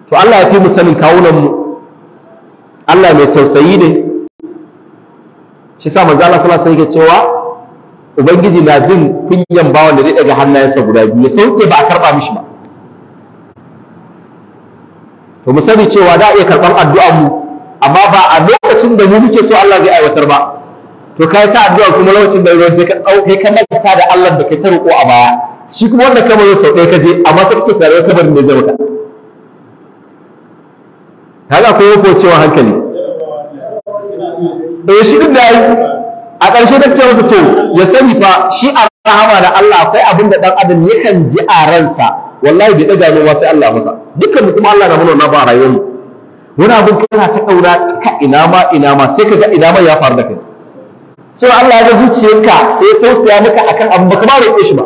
to Allah ya fi mu sanin kawunan mu Allah mai tausayi ne shi sa manzo Allah sallallahu alaihi wasallam yake cewa ubangiji na jin kunyan bawan da zai daga hannayensa guda biyu ya sauke ba a karba mishi ba to mu sani cewa da iya karɓar addu'ar mu amma ba a lokacin da mu muke so Allah zai aiwatar ba to kai ta addu'a kuma lokacin da ruwan sai ka ɗauke ka da Allah da kai ta roƙo a baya shi kuma wanda ka ya sau ɗaya ka je amma sai kake tare kamar da zai maka kaga akwai ko cewa hankali eh shi din da yi a ƙarshe ta ce to ya sani fa shi a rahama da Allah akwai abin da dan adam yakan ji a ransa wallahi bai daga noma sai Allah masa dukkan mu kuma Allah na mana ba a rayuwar mu wani abin kana ta kaura ka ina ma ina ma sai ka ga ina ma ya faru da kai so Allah ya ga zuciyarka sai ya tausaya maka akan abin baka ma roƙe shi ba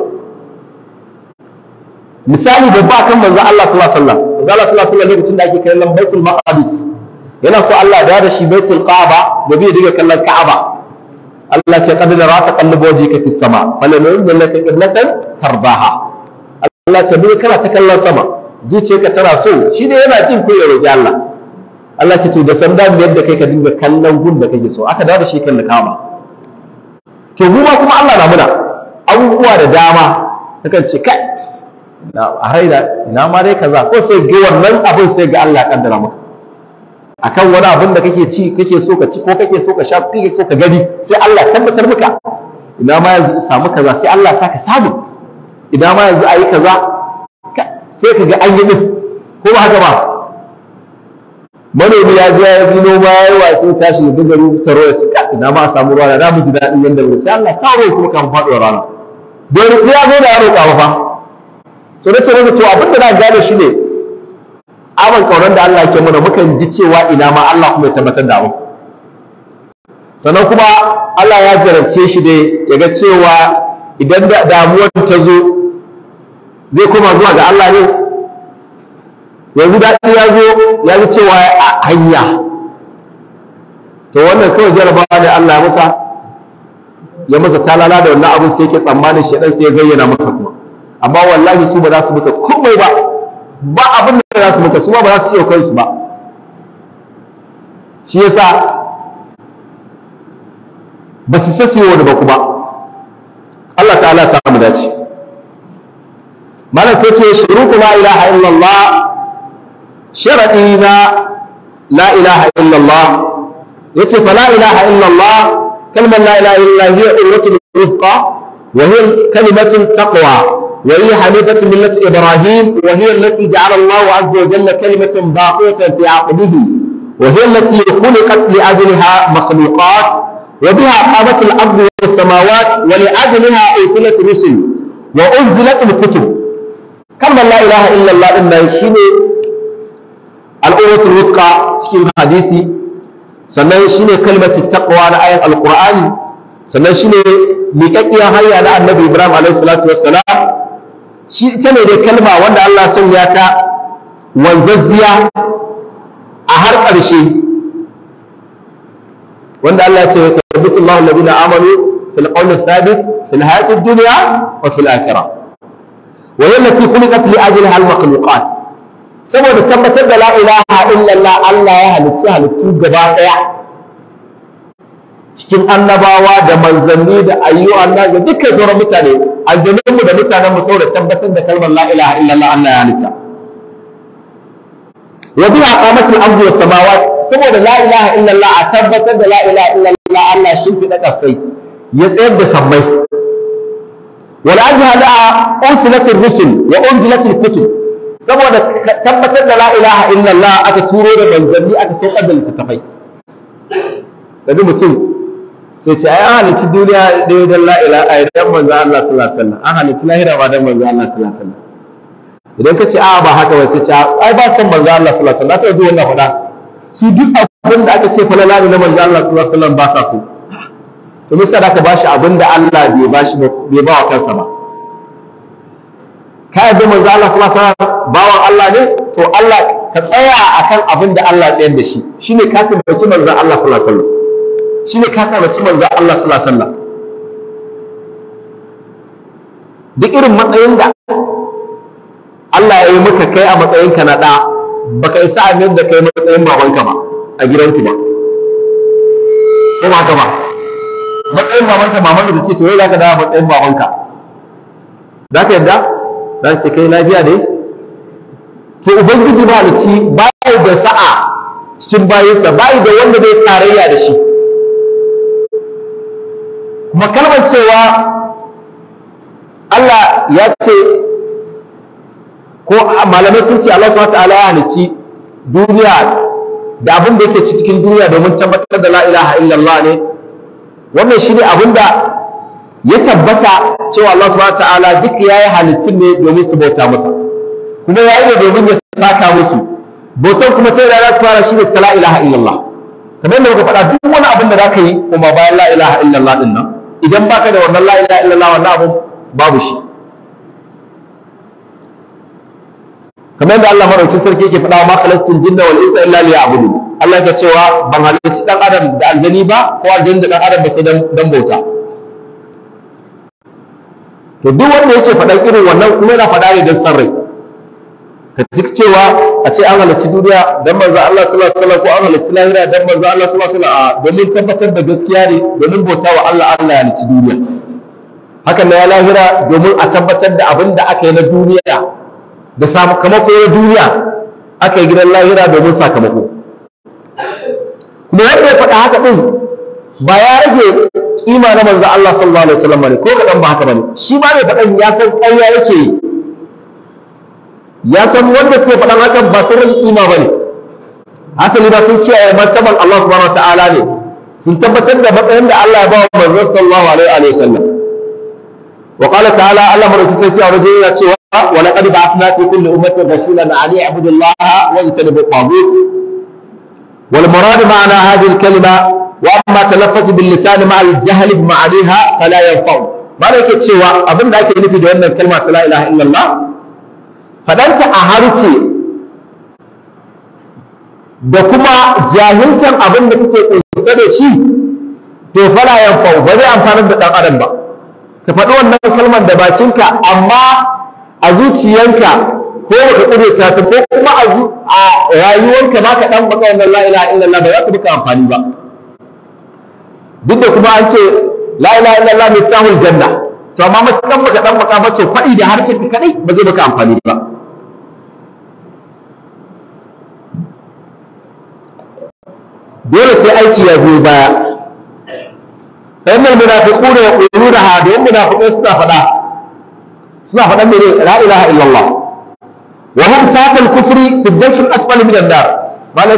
misali babba kan manzo Allah sallallahu alaihi wasallam manzo Allah sallallahu alaihi wasallam lokacin da ake kallon Baitul Maqdis yana so Allah ya da shi Baitul Kaaba da bai diga kallon Ka'aba Allah ce da rata taqallubu ka fis sama falanuwalli laka qiblatan tarbaha Allah ce mun kana ta kallon sama ka tana so shi ne yana jin kunya roki Allah Allah ce to da sanda da kai ka dinga kallon gun da kake so aka dawo da shi kan kama to mu ma kuma Allah na muna abubuwa da dama kakan ce kai a haida ina ma dai kaza ko sai ga wannan abin sai ga Allah ya kaddara maka akan wani abin da kake ci kake so ka ci ko kake so ka sha kake so ka gani sai Allah tabbatar maka ina ma yanzu samu kaza sai Allah sa ka samu ina ma yanzu ayi kaza sai ka ga an yi din ko ba haka ba manomi ya je ya bi noma ya yi wasu tashi ya dinga ta roya ta ka ina ma a samu ruwa na miji daɗin yanda wuri sai Allah kawo kuma kan faɗuwa rana dole sai ya zo da ya roƙa ba fa so ce masa to abin da na gane shi ne abin kauran da Allah ke mana mukan ji cewa ina ma Allah kuma ya tabbatar da mu sannan kuma Allah ya jarabce shi dai ya ga cewa idan damuwar ta zo zai koma zuwa ga Allah ne yanzu daɗi ya zo ya ji cewa a hanya to wannan kawai jarabawa ne Allah ya masa ya masa talala da wannan abin sai yake tsammanin dan sai ya zayyana masa kuma amma wallahi su ba za su buka komai ba ba abin da za su maka su ba ba za su iya kai su ba shi yasa ba su sassi wani baku ba Allah ta'ala samu dace malam sai ce shuruku la ilaha illallah sharadi na la ilaha illallah yace fa la ilaha illallah kalmar la ilaha illallah hiya urwatul rifqa wa hiya kalimatul taqwa وهي حنيفة ملة إبراهيم وهي التي جعل الله عز وجل كلمة باقية في عقبه وهي التي خلقت لأجلها مخلوقات وبها قامت الأرض والسماوات ولأجلها أرسلت الرسل وأنزلت الكتب كما لا إله إلا الله إلا شيني الأمة الوثقى تكين الحديثي سنة shi كلمة التقوى على آية القرآن سنة sannan لكي يهيئ miƙaƙƙiyar النبي إبراهيم عليه الصلاة والسلام shi ita ne dai kalma wanda Allah sanya ta wanzazziya a har ƙarshe wanda Allah ce wa tabbata Allah alladhina amanu fil qawli thabit fil hayati ad-dunya wa fil akhirah wa yallati khuliqat li ajliha al-makhluqat saboda tabbatar da la ilaha illallah Allah ya halittu halittu gaba ɗaya. cikin annabawa da manzanni da ayyu Allah da dukkan sauran mutane aljanninmu da mutanenmu saboda tabbatar da kalmar la ilaha illallah Allah ya halitta wa bi al ardi was samawat saboda la ilaha illallah a tabbatar da la ilaha illallah Allah shi fi da kasai ya tsayar da sammai wal ajhada unsilatir rusul wa unzilatil kutub saboda tabbatar da la ilaha illallah aka turo da manzanni aka saukar da littattafai da mutum sai ce ai an halicci duniya yi don ila a yi dan manzan Allah sallallahu alaihi an halicci lahira ba dan manzan Allah sallallahu alaihi idan ka ce a ba haka ba sai ce ai ba san manzan Allah sallallahu alaihi na taɓa ji wannan faɗa su duk abin da aka ce falala ne na manzan Allah sallallahu alaihi ba sa so to misa da aka ba shi abin da Allah bai ba shi bai ba wa kansa ba ka yadda manzan Allah sallallahu alaihi bawan Allah ne to Allah ka tsaya akan abin da Allah ya tsayar da shi shine ka tabbaki manzan Allah sallallahu alaihi ne ka kamaci za Allah sallallahu duk irin matsayin da Allah ya yi maka kai a matsayinka na ɗa baka isa amin da kai matsayin babanka ba a gidanku ba ko ba ka ba matsayin babanka mamanka da ce to yau ka dawo matsayin babanka za ka yadda za ka ce kai lafiya ne to ubangiji ba da ci ba da sa'a cikin bayinsa ba da wanda bai tarayya da shi makalmar cewa Allah ya ce ko malamai sun ce Allah subhanahu wataala ya halici duniya da abin da yake cikin duniya domin tabbatar da la ilaha illallah ne wannan shine abin da ya tabbata cewa Allah subhanahu wataala duk yayi halittun ne domin su bauta masa kuma yayi ne domin ya saka musu bautar kuma ta yi su fara shi ne ta la ilaha illallah kamar yadda muka faɗa duk wani abin da za ka yi kuma bayan la ilaha illallah din nan idan baka da wannan la ilaha illallah wannan abu babu shi kamar da Allah maraukin sarki yake faɗa ma khalaqtul jinna wal insa illa liya'budun Allah yake cewa ban halicci dan adam da aljani ba ko aljani da dan adam ba sai dan bauta to duk wanda yake faɗan irin wannan kuma yana faɗa ne dan sarrai ka ji cewa a ce an halarci duniya dan manzo Allah sallallahu alaihi wasallam ko an halarci lahira dan manzo Allah sallallahu alaihi wasallam domin tabbatar da gaskiya ne domin bauta wa Allah Allah ya halarci duniya hakan na lahira domin a tabbatar da abin da aka yi na duniya da sakamako na duniya aka yi gidan lahira domin sakamako kuma yadda ya faɗa haka din? ba ya rage kima na manzo Allah sallallahu alaihi wasallam ne ko kadan ba haka bane shi ba ne faɗan ya san ƙarya yake yi ya san wanda suke faɗan hakan ba sun rage ƙima ba ne asali ba sun kiyaye martaban Allah subhanahu wataala ne sun tabbatar da matsayin da Allah ya ba wa manzon sallallahu alaihi wa sallam wa qala ta'ala Allah madaukakin sarki a wajen yana cewa wa laqad ba'athna fi kulli ummatin rasulan an ya'budu Allah wa wal murad ma'ana hadhihi al-kalima wa amma talaffuz bil lisan ma'a al-jahl bi ma'aniha fala yanfa'u malaka cewa abinda ake nufi da wannan kalma ta la ilaha illallah Fadanta a harce da kuma jahiltan abin da take kunsa da shi to fara yan ba zai amfanar da ɗan adam ba ka faɗi wannan kalmar da bakinka amma a zuciyanka ko ba ka kure ta ko kuma a rayuwarka ba ka ɗan baka wannan la ilaha illallah ba za ka baka amfani ba duk da kuma an ce la ilaha illallah miftahul janna to amma matakan baka ɗan baka ba ce faɗi da harshen ka kaɗai ba zai baka amfani ba dole sai aiki ya biyo baya ɗannan munafiquna ne ha da munafiqai suna faɗa suna faɗan mene la ilaha illallah wa hum tahta kufri fi dafin asfal min an-nar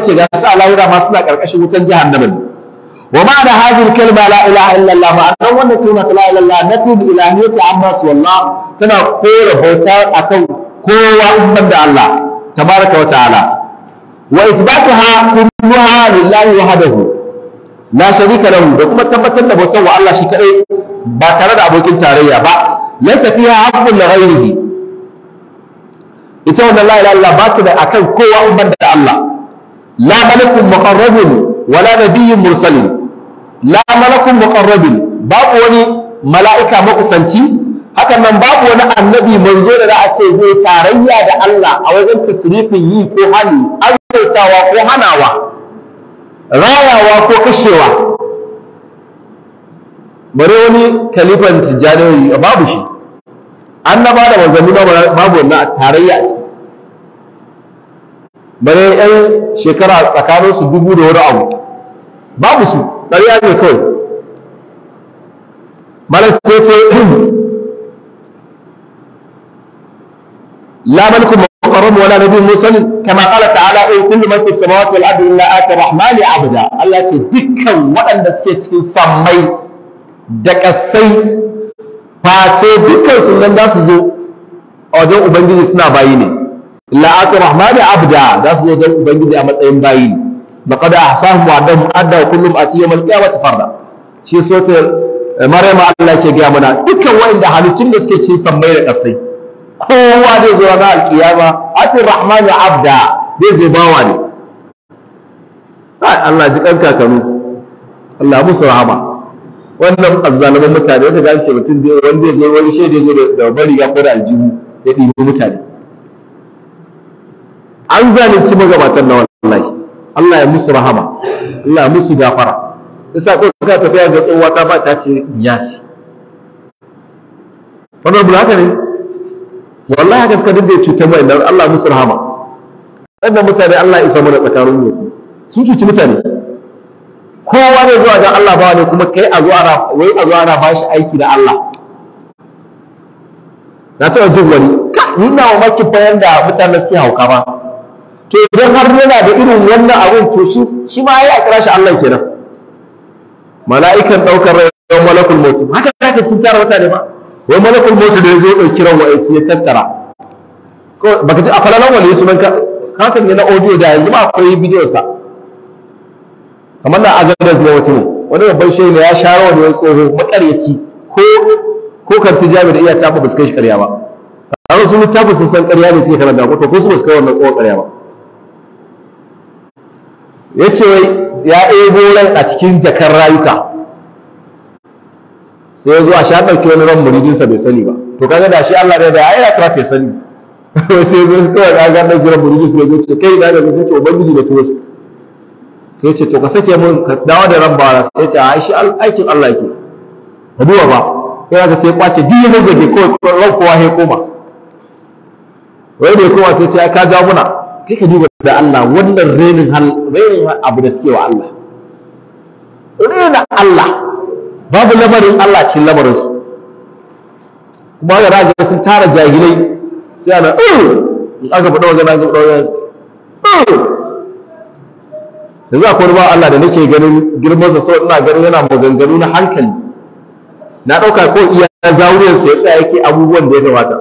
ce ga su alawira ma suna karkashin wutan jihar wa Wama hadhihi al-kalima la ilaha illallah ma'anar wannan kalma ta la ilaha illallah nafi ilahiyyati amma wallah tana kore bauta akan kowa in banda Allah tabaraka wa ta'ala wa ithbatuha kulluha lillahi wahdahu la sharika lahu da kuma tabbatar da bautar wa Allah shi kadai ba tare da abokin tarayya ba laysa fiha haqqun ghairihi ita wannan la ilaha illallah ba ta da akan kowa in da Allah la malakun muqarrabun wala nabiyyun mursalin la malakun muqarrabun babu wani mala'ika makusanci hakan nan babu wani annabi manzo da za a ce zai tarayya da Allah a wajen tasrifin yi ko hali tsawaitawa ko hanawa rayawa ko kashewa bare wani kalifan a babu shi annaba da manzanni babu wannan tarayya a ciki bare yan shekara tsakanin su dubu da wani abu babu su ƙarya ne kawai malam ce hmm. la mulku Karar mu wani aladu mun sanin. Ka na kala ta'ala ɗaya, kullumar ku saba, wata al'adu, la'a ta, rahmali abada. Allah ce dukkan waɗanda suke cikin samai da ƙasai. Fati dukkan su ɗan da su zo a wajen ubangiji suna bayi ne. La'a ta, rahmali abada. Da su zo wajen ubangiji a matsayin bayi ne. Mu ka da, sahun kullum a cikin wani ɗaya wata Shi sotar da Allah ke gaya mana dukkan wanda hannu tun da suke cikin samai da kasai kowa zai zo na alkiyama atir rahmanu abda zai zo bawa ne Allah ji kan kakanu Allah musu rahama wannan azzalumin mutane wanda zan ce mutum wanda zai wani da zai da bari ga kura aljihu ya ɗibi mutane an zalunci magabatan na wallahi Allah ya musu rahama Allah ya musu gafara yasa ko ka tafiya ga tsowa ta ba ta ce yasi wannan bulaka ne wallahi haka suka dinga cutar mai dan Allah musu rahama wannan mutane Allah isa mana tsakanin mu sun cuci mutane kowa ne zuwa ga Allah ba ne kuma kai a zuwa wai a zuwa na bashi aiki da Allah na ta jin wani ni na mamaki bayan da mutane su hauka ba to idan har yana da irin wannan abin to shi shi ma yayi a kira shi Allah kenan mala'ikan daukar rayuwar malakul mautu haka haka sun tara mutane ba wai malakul mautu da ya zo ɗauki ran wa'ansu ya tattara baka ji a su wani ka san ne na audio da yanzu ba akwai bidiyon sa kamar na agadas ne wata ne wani babban shehu ne ya share wani wani tsoho makaryaci ko ko kan jami da iya tafi ba su kai shi karya ba har su littafi sun san karya ne suke karanta ko to ko su ba su kai wannan tsohon karya ba ya ce ya ebo ran a cikin jakar rayuka sai ya zo a sha ɗauki wani ran muridinsa bai sani ba to kaga da shi Allah da ya ya kamata ya sani sai zo zo kawai da ga ɗauki ran muridinsa ya zo ce kai da ne sai ce ubangiji da tuwo sai ce to ka sake mun ka dawo da ran bara sai ce a shi aikin Allah yake ka duba ba sai ka sai kwace duk ya zage kawai ran kowa ya koma wai da kowa sai ce ka ja muna kai ka duba da Allah wannan renin hal renin abu da suke wa Allah renin Allah babu lamarin Allah cikin lamarinsu kuma haka za sun tara jahilai sai ana oh! in aka faɗa wajen aka faɗa wajen oh! da za ku ba Allah da nake ganin girmansa sau ina ganin yana maganganu na hankali na ɗauka ko iya zawuriyarsa ya tsaya yake abubuwan da ya gabata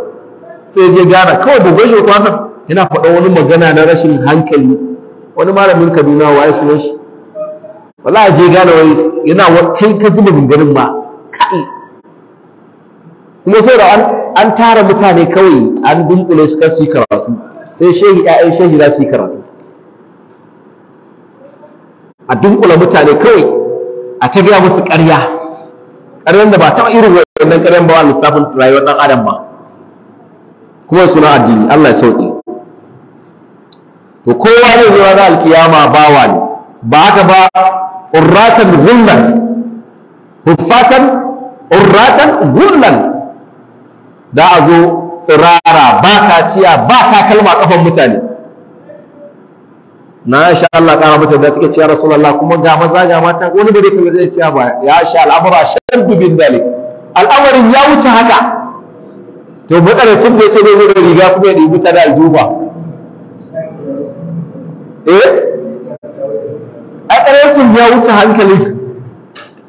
sai je gana kawai babban shi kwanan yana faɗa wani magana na rashin hankali wani malamin kaduna wa ya sunan shi wala je gane wani yana kai ta ji maganganun ma kai kuma sai da an tara mutane kawai an dunkule su kan su yi karatu sai shehi 'ya'yan shehi za su yi karatu a dunkula mutane kawai a ta gaya musu ƙarya ƙaryar da ba taɓa irin wannan ƙaryar ba wa lissafin rayuwar ɗan adam ba kuma suna addini Allah ya sauke to kowa ne zuwa ranar alkiyama bawa ne ba haka ba urratan gullan huffatan urratan gullan da a zo tsirara ba kaciya ba ka kalma kafan mutane na sha Allah ƙara mata da take cewa Rasulullah kuma ga maza ga mata wani bare kuma zai cewa ba ya sha al'amura shaddu dubin dalik al'amarin ya wuce haka to makaracin da ya ce zai zo da riga kuma ya ɗibi ta da aljuba eh ya wuce hankali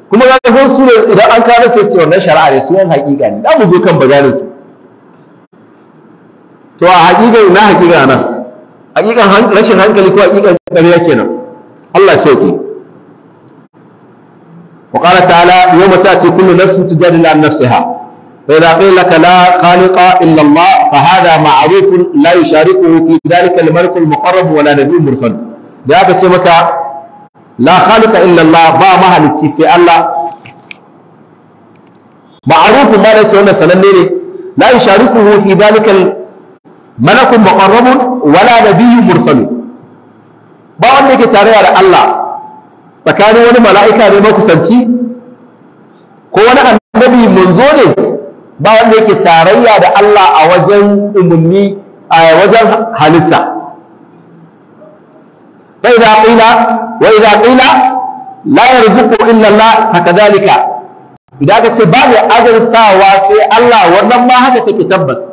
kuma ga san su ne idan an kawo sai su wannan shari'a ne su yan haƙiƙa ne da mu zo kan bazarin su to a haƙiƙa ina haƙiƙa nan haƙiƙa rashin hankali ko haƙiƙa ƙarya kenan Allah sai ke wa qala ta'ala yawma ta'ti kullu nafsin tujadil an nafsiha wa idha qila laka la khaliqa illa Allah fa hadha ma'rufun la yushariku fi dhalika al-malik al-muqarrab wa la nabiyyu mursal da aka ce maka la khaliqa illa Allah ba mahalicci sai Allah ma'arufin ma da ce wannan sananne ne la yusharikuhu fi dhalika malakun muqarrabun wala nabiyyun mursal ba wanda yake tarayya da Allah tsakanin wani mala'ika ne makusanci ko wani annabi munzo ne ba wanda yake tarayya da Allah a wajen umumi a wajen halitta فإذا قيل وإذا قيل لا يرزق إلا الله فكذلك إذا قلت بعد أذرتا واسي الله ونما هذا تكتبس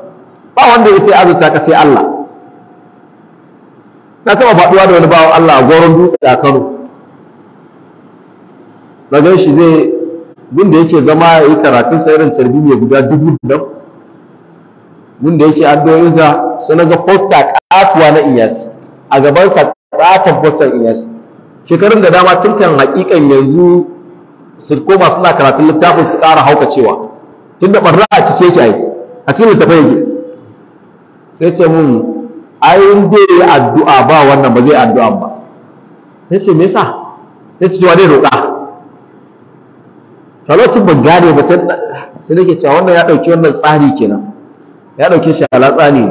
فهو يسي أذرتا كسي الله na taɓa faɗuwa da wani bawan Allah a goron dutse a Kano zai gun yake zama ya yi karatun sa irin carbi mai guda dubu dan gun da yake addu'o'insa sai na ga posta ƙatuwa na iyasi a gabansa ratan boston iyasi shekarun da dama tun kan hakikan yanzu su koma suna karatun littafin su hauka haukacewa tun da ɓarna a cike yake ai a cikin littafin yake sai ce mun ya dai addu'a ba wannan ba zai addu'a ba sai ce me yasa sai ce cewa dai roƙa talocin ban gane ba sai nake cewa wannan ya ɗauki wannan tsari kenan ya ɗauki shi ala tsari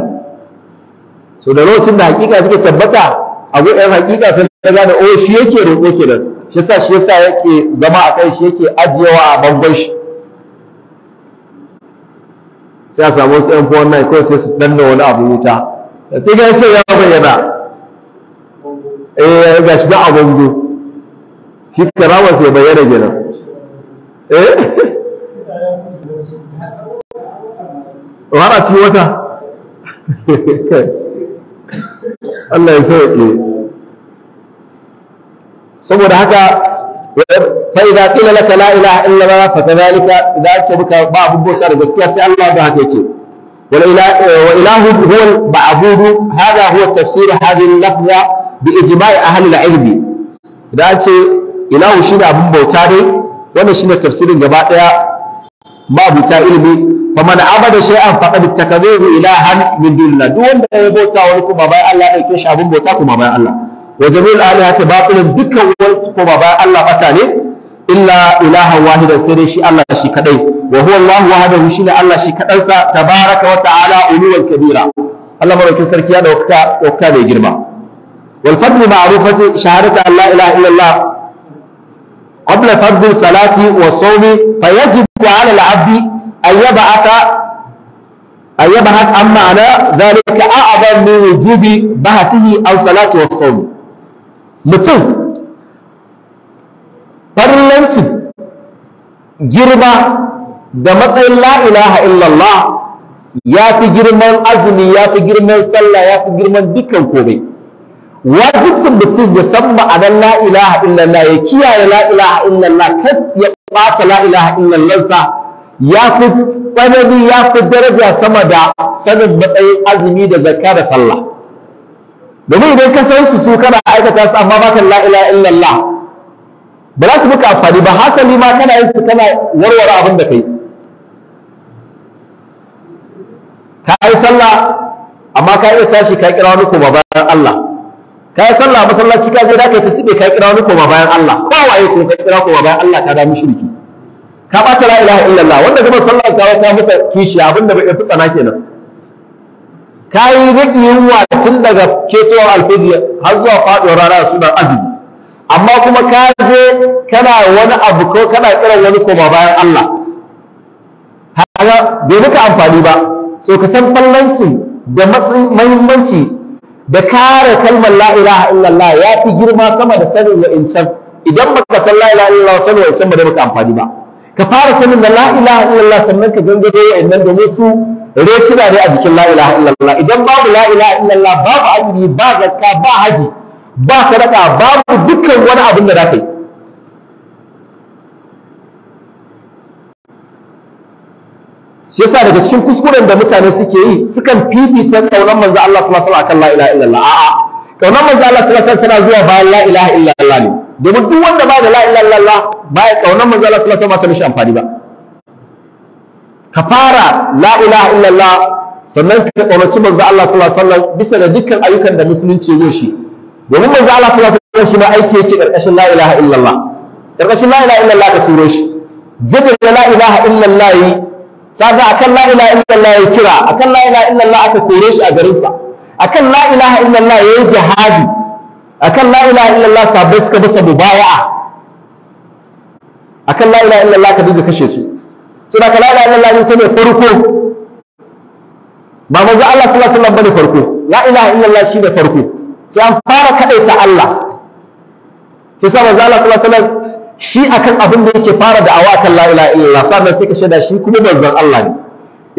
so da lokacin da hakika suke tabbata abu ɗan hakika sun ta gane o oh, shi yake roƙo nan shi yasa shi sa yake zama a kai shi yake ajiyewa a bangon shi sai a samu wasu 'yan fuwan nai kawai sai su danna wani abu wuta sai ta gani shi ya bayyana eh ga shi na a bango shi karamar sai bayyana gina eh har a ci wata saboda haka fai da laka la illa ba fa ta zalika da ya ce muka ba abubuwa da gaskiya sai Allah ba haka yake wa ilahu huwa ba'budu hada huwa tafsir hadhihi al-lafza bi ijma'i ahli al-ilm da ya ce ilahu shi ne abun bauta dai wannan shine tafsirin gaba daya babu ta ilimi fa man abada shay'an faqad takazahu ilahan min dunillah duk wanda ya bauta wani kuma bayan Allah ya dauke shi abin bauta kuma bayan Allah wa jami'ul alihati batilun dukkan wasu kuma bayan Allah bata ne illa ilahan wahidan sai da shi Allah shi kadai wa huwa Allah wahdahu shine Allah shi kadansa tabaraka wa ta'ala uluwan kabira Allah madaukakin sarki ya dauka dauka mai girma wal fadlu ma'rufati shahadatu an la ilaha illallah qabla fadl salati abdi an yaba an yaba haka an ma'ana zalika a'aban min wujubi bahatihi an salatu wa sawm mutum farlanci girma da matsayin la'ilaha illallah ya fi girman azumi ya fi girman sallah ya fi girman dukkan komai wajibcin mutum ya san ma'anar la'ilaha illallah ya kiyaye la'ilaha illallah kar ya ɓata la'ilaha illallansa. ya fi tsanani ya fi daraja sama da sanin matsayin azumi da zakka da sallah domin idan ka san su su kana aikata su amma baka la ilaha illallah ba za su muka amfani ba hasali ma kana yin su kana warware abin da kai ka yi sallah amma ka iya tashi ka kira wani koma bayan Allah ka yi sallah masallaci ka je da ka tuttube ka kira wani koma bayan Allah waye ko ka kira koma bayan Allah ka da mushriki ka bata la ilaha illallah wanda kuma sallar ta wata masa kishi abinda bai fi tsana kenan kayi riƙin yunwa tun daga ketowar alfiji har zuwa faɗuwar rana sunan azumi amma kuma ka je kana wani abu ko kana kiran wani koma bayan Allah Haka bai muka amfani ba so ka san ballanci da mahimmanci da kare kalmar la ilaha illallah ya fi girma sama da sanin wa'incan idan baka san la ilaha illallah sanin wa'incan ba da muka amfani ba ka fara sanin da la ilaha illallah sannan ka gangare wa'annan domin su reshina ne a jikin la ilaha illallah idan babu la ilaha illallah babu azumi ba zakka ba haji ba sadaka babu dukkan wani abin da za ka yi shi yasa daga cikin kuskuren da mutane suke yi sukan fifita kaunar manzo Allah sallallahu alaihi wasallam akan la ilaha illallah a'a kaunar manzo Allah sallallahu alaihi wasallam tana zuwa bayan la ilaha illallah ne domin duk wanda ba da la ilaha illallah baya kaunar manzo Allah sallallahu alaihi wasallam ta nishi amfani ba ka fara la ilaha illallah sannan ka kaunaci manzo Allah sallallahu alaihi wasallam bisa da dukkan ayyukan da musulunci zo shi domin manzo Allah sallallahu alaihi wasallam shi ma aiki yake karkashin la ilaha illallah karkashin la ilaha illallah ka turo shi zikir la ilaha illallah yi akan la ilaha illallah ya kira akan la ilaha illallah aka kore shi a garinsa akan la ilaha illallah ya jihadi akan la ilaha illallah sabai suka bisa mubaya'a akan la ilaha illallah ka dinga kashe su suna ka la ilaha illallah ita ne farko ba manzo Allah sallallahu alaihi wasallam farko la ilaha illallah ne farko sai an fara kadaita Allah sai sa manzo Allah sallallahu alaihi wasallam shi akan abin da yake fara da awa akan la ilaha illallah sannan sai ka shaida shi kuma manzon Allah ne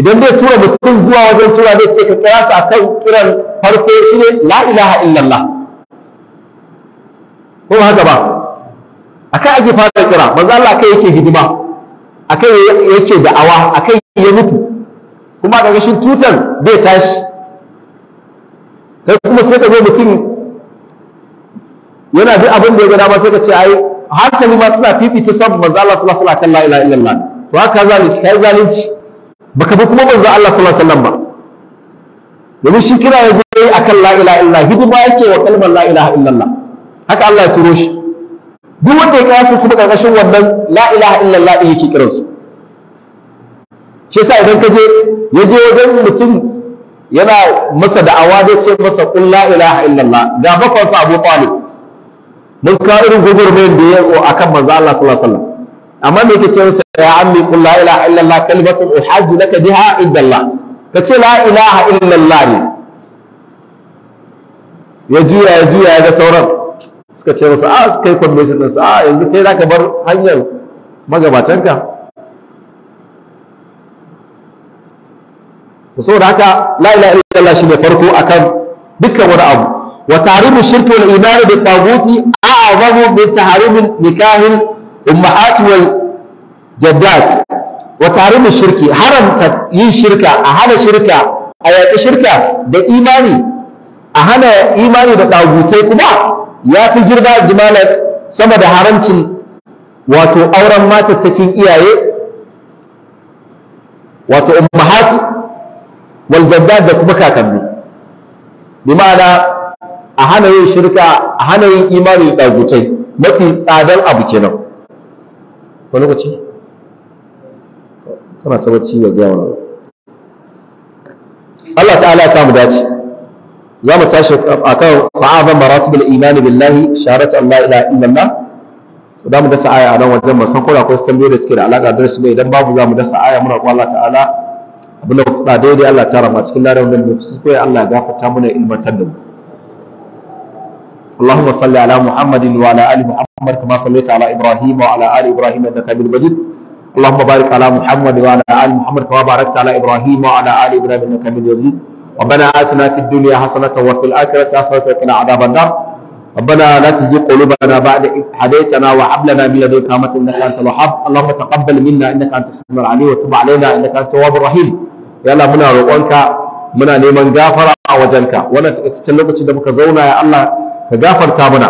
idan zai tura mutum zuwa wajen tura dai sai ka kira akan kiran farko ne la ilaha illallah ko haka ba akai ake fara kira manzo Allah akai yake hidima akai yake da'awa akai ya mutu kuma daga shi tutan bai tashi kai kuma sai ka zo mutum yana duk abin da ya gada ba sai ka ce ai sai ma suna fifita san manzo Allah sallallahu alaihi wasallam la ilaha illallah to haka zalunci kai zalunci baka bi kuma manzo Allah sallallahu alaihi wasallam ba domin shi kira ya zo akan la ilaha illallah hidima yake wa kalmar la ilaha illallah haka Allah ya turo shi duk wanda ya kasu kuma karkashin wannan la ilaha illallah din yake kiransu shi yasa idan ka je ya je wajen mutum yana masa da'awa zai ce masa qul la ilaha illallah ga bakon sa Abu Talib mun ka irin gwagwarmayar da ya ko akan manzo Allah sallallahu alaihi wasallam amma me yake ce masa ya ammi qul la ilaha illallah kalimatun uhajju laka biha illallah ka ce la ilaha illallah ne ya juya ya juya ya ga sauran suka ce masa a ah, suka yi convention a ah, yanzu kai zaka bar hanyar magabatanka saboda haka la ilaha shi ne farko akan dukkan wani abu wa tarihin shirki imani da bi a a'zamu min mai nikah al jaddat wa tarihin shirki haramta yin shirka a hana shirka a yaƙi shirka da imani a hana imani da tagutai kuma ya fi girma jimalar sama da haramcin wato auren matattakin iyaye wato umahat wal jaddad da kuma kakanni bi ma'ana a hana yin shirka a hana yin imanin dagutai mafi tsadar abu kenan ko lokaci kana ta bacci ga gawa Allah ta'ala ya samu dace za mu tashi a kan maratu maratibul imani billahi shahadat Allah ila illallah to da mu dasa aya a nan wajen ba, san ko akwai da suke da alaka da su idan babu za mu dasa aya muna ko Allah ta'ala abin da mu faɗa daidai Allah ta rama cikin da mu kuskure Allah ya gafarta muna ilmantar da mu اللهم صل على محمد وعلى ال محمد كما صليت على ابراهيم وعلى ال ابراهيم انك حميد مجيد اللهم بارك على محمد وعلى ال محمد كما باركت على ابراهيم وعلى ال ابراهيم انك حميد مجيد ربنا آتنا في الدنيا حسنة وفي الآخرة حسنة وقنا عذاب النار ربنا لا تزغ قلوبنا بعد إذ هديتنا من لدنك إنك أنت الوهاب اللهم تقبل منا إنك أنت السميع العليم وتب علينا إنك أنت التواب الرحيم يا منا روقنك muna neman gafara a wajenka wannan takaitaccen lokacin da muka zauna ya Allah ka ta mana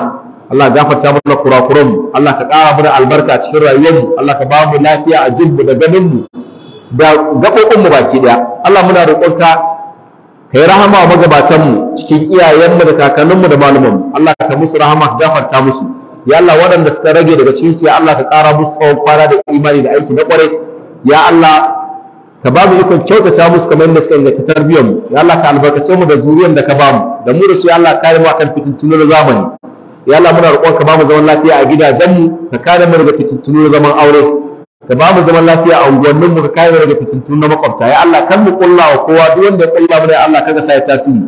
Allah kurakuran mu Allah ka ƙara mana albarka a cikin rayuwar mu Allah ka ba mu lafiya a jinmu da ganin mu da gaɓoɓin mu baki ɗaya Allah muna roƙonka kai rahama magabatanmu cikin iyayenmu da kakanninmu da malumanmu Allah ka musu rahama ka gafarta musu ya Allah waɗanda suka rage daga cikin su ya Allah ka ƙara musu tsawon kwana da imani da aiki na ƙwarai ya Allah ka ba mu ikon kyautata musu kamar yadda suka ingata tarbiyyarmu mu ya Allah ka albarkace mu da zuriyar da ka ba mu da mu da su ya Allah kare mu akan fitintunu na zamani ya Allah muna roƙon ka ba mu zaman lafiya a gidajenmu ka kare mu daga fitintunu zaman aure ka ba mu zaman lafiya a unguwannin mu ka kare mu daga fitintun na makwabta ya Allah kan mu kulla wa kowa duk wanda ya kulla mu ya Allah kaga sai tasiri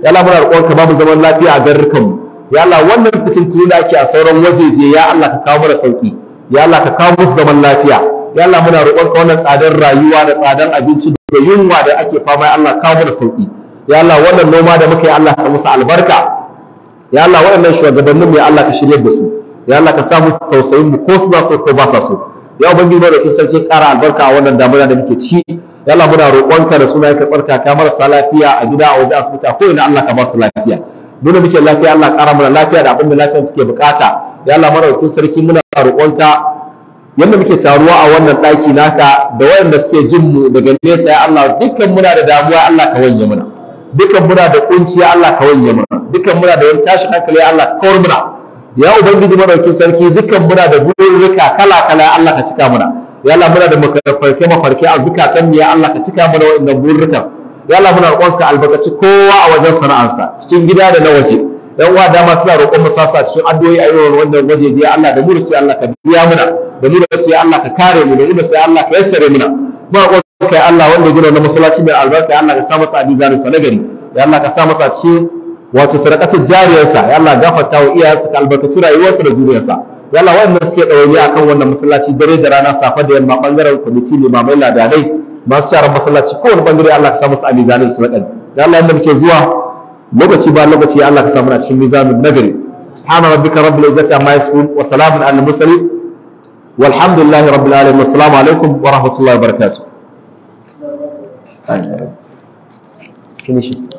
ya Allah muna roƙon ka ba mu zaman lafiya a garrukan mu ya Allah wannan fitintun da ake a sauran wajeje ya Allah ka kawo mana sauki ya Allah ka kawo musu zaman lafiya ya Allah muna roƙon ka wannan tsadar rayuwa da tsadar abinci da yunwa da ake fama ya Allah kawo mana sauki ya Allah wannan noma da muka yi Allah ka musu albarka ya Allah waɗannan shugabannin mu ya Allah ka shirye da su ya Allah ka sa musu tausayin mu ko suna so ko ba sa so ya ubangiji mara ki sarki ƙara albarka wannan damuna da muke ciki ya Allah muna roƙonka da suna ka ka marasa lafiya a gida a waje asibiti ko ina Allah ka ba su lafiya dole muke lafiya Allah ƙara mana lafiya da abin da lafiyar take bukata ya Allah mara ki sarki muna roƙonka yadda muke taruwa a wannan ɗaki naka da waɗanda suke jin mu daga nesa ya Allah dukkan muna da damuwa Allah ka wanye muna dukkan muna da kunciya ya Allah ka wanye muna dukkan muna da wani tashin hankali ya Allah ka kawar muna ya ubangiji madaukin sarki dukkan muna da bururruka kala kala Allah ka cika muna ya Allah muna da mafarke mafarke a zukatan ya Allah ka cika muna wa'annan bururrukan ya Allah muna roƙon ka albarkaci kowa a wajen sana'ansa cikin gida da na waje dan uwa dama suna roƙon mu sasa cikin addu'o'i a yau wannan waje je Allah da mu Allah ka biya muna da mu sai Allah ka kare mu da mu sai Allah ka yassare muna muna roƙon ka Allah wanda gina na masallaci mai albarka Allah ka sa masa abin zanin sa gari. ya Allah ka sa masa cikin wato sadaqatul jariyarsa ya Allah gafarta wa iyayensa ka albarkaci rayuwarsa da zuriyarsa ya Allah waɗanda suke ɗawaini akan wannan masallaci dare da rana safa da yamma bangaren kwamiti limamai ladanai masu sharar masallaci kowane bangare Allah ka samu su a mizanin su na ya Allah yadda muke zuwa lokaci ba lokaci ya Allah ka samu a cikin mizanin nagari subhana rabbika rabbil izzati amma yasifun wa salamun alal mursalin walhamdulillahi rabbil alamin assalamu alaikum wa rahmatullahi wa barakatuh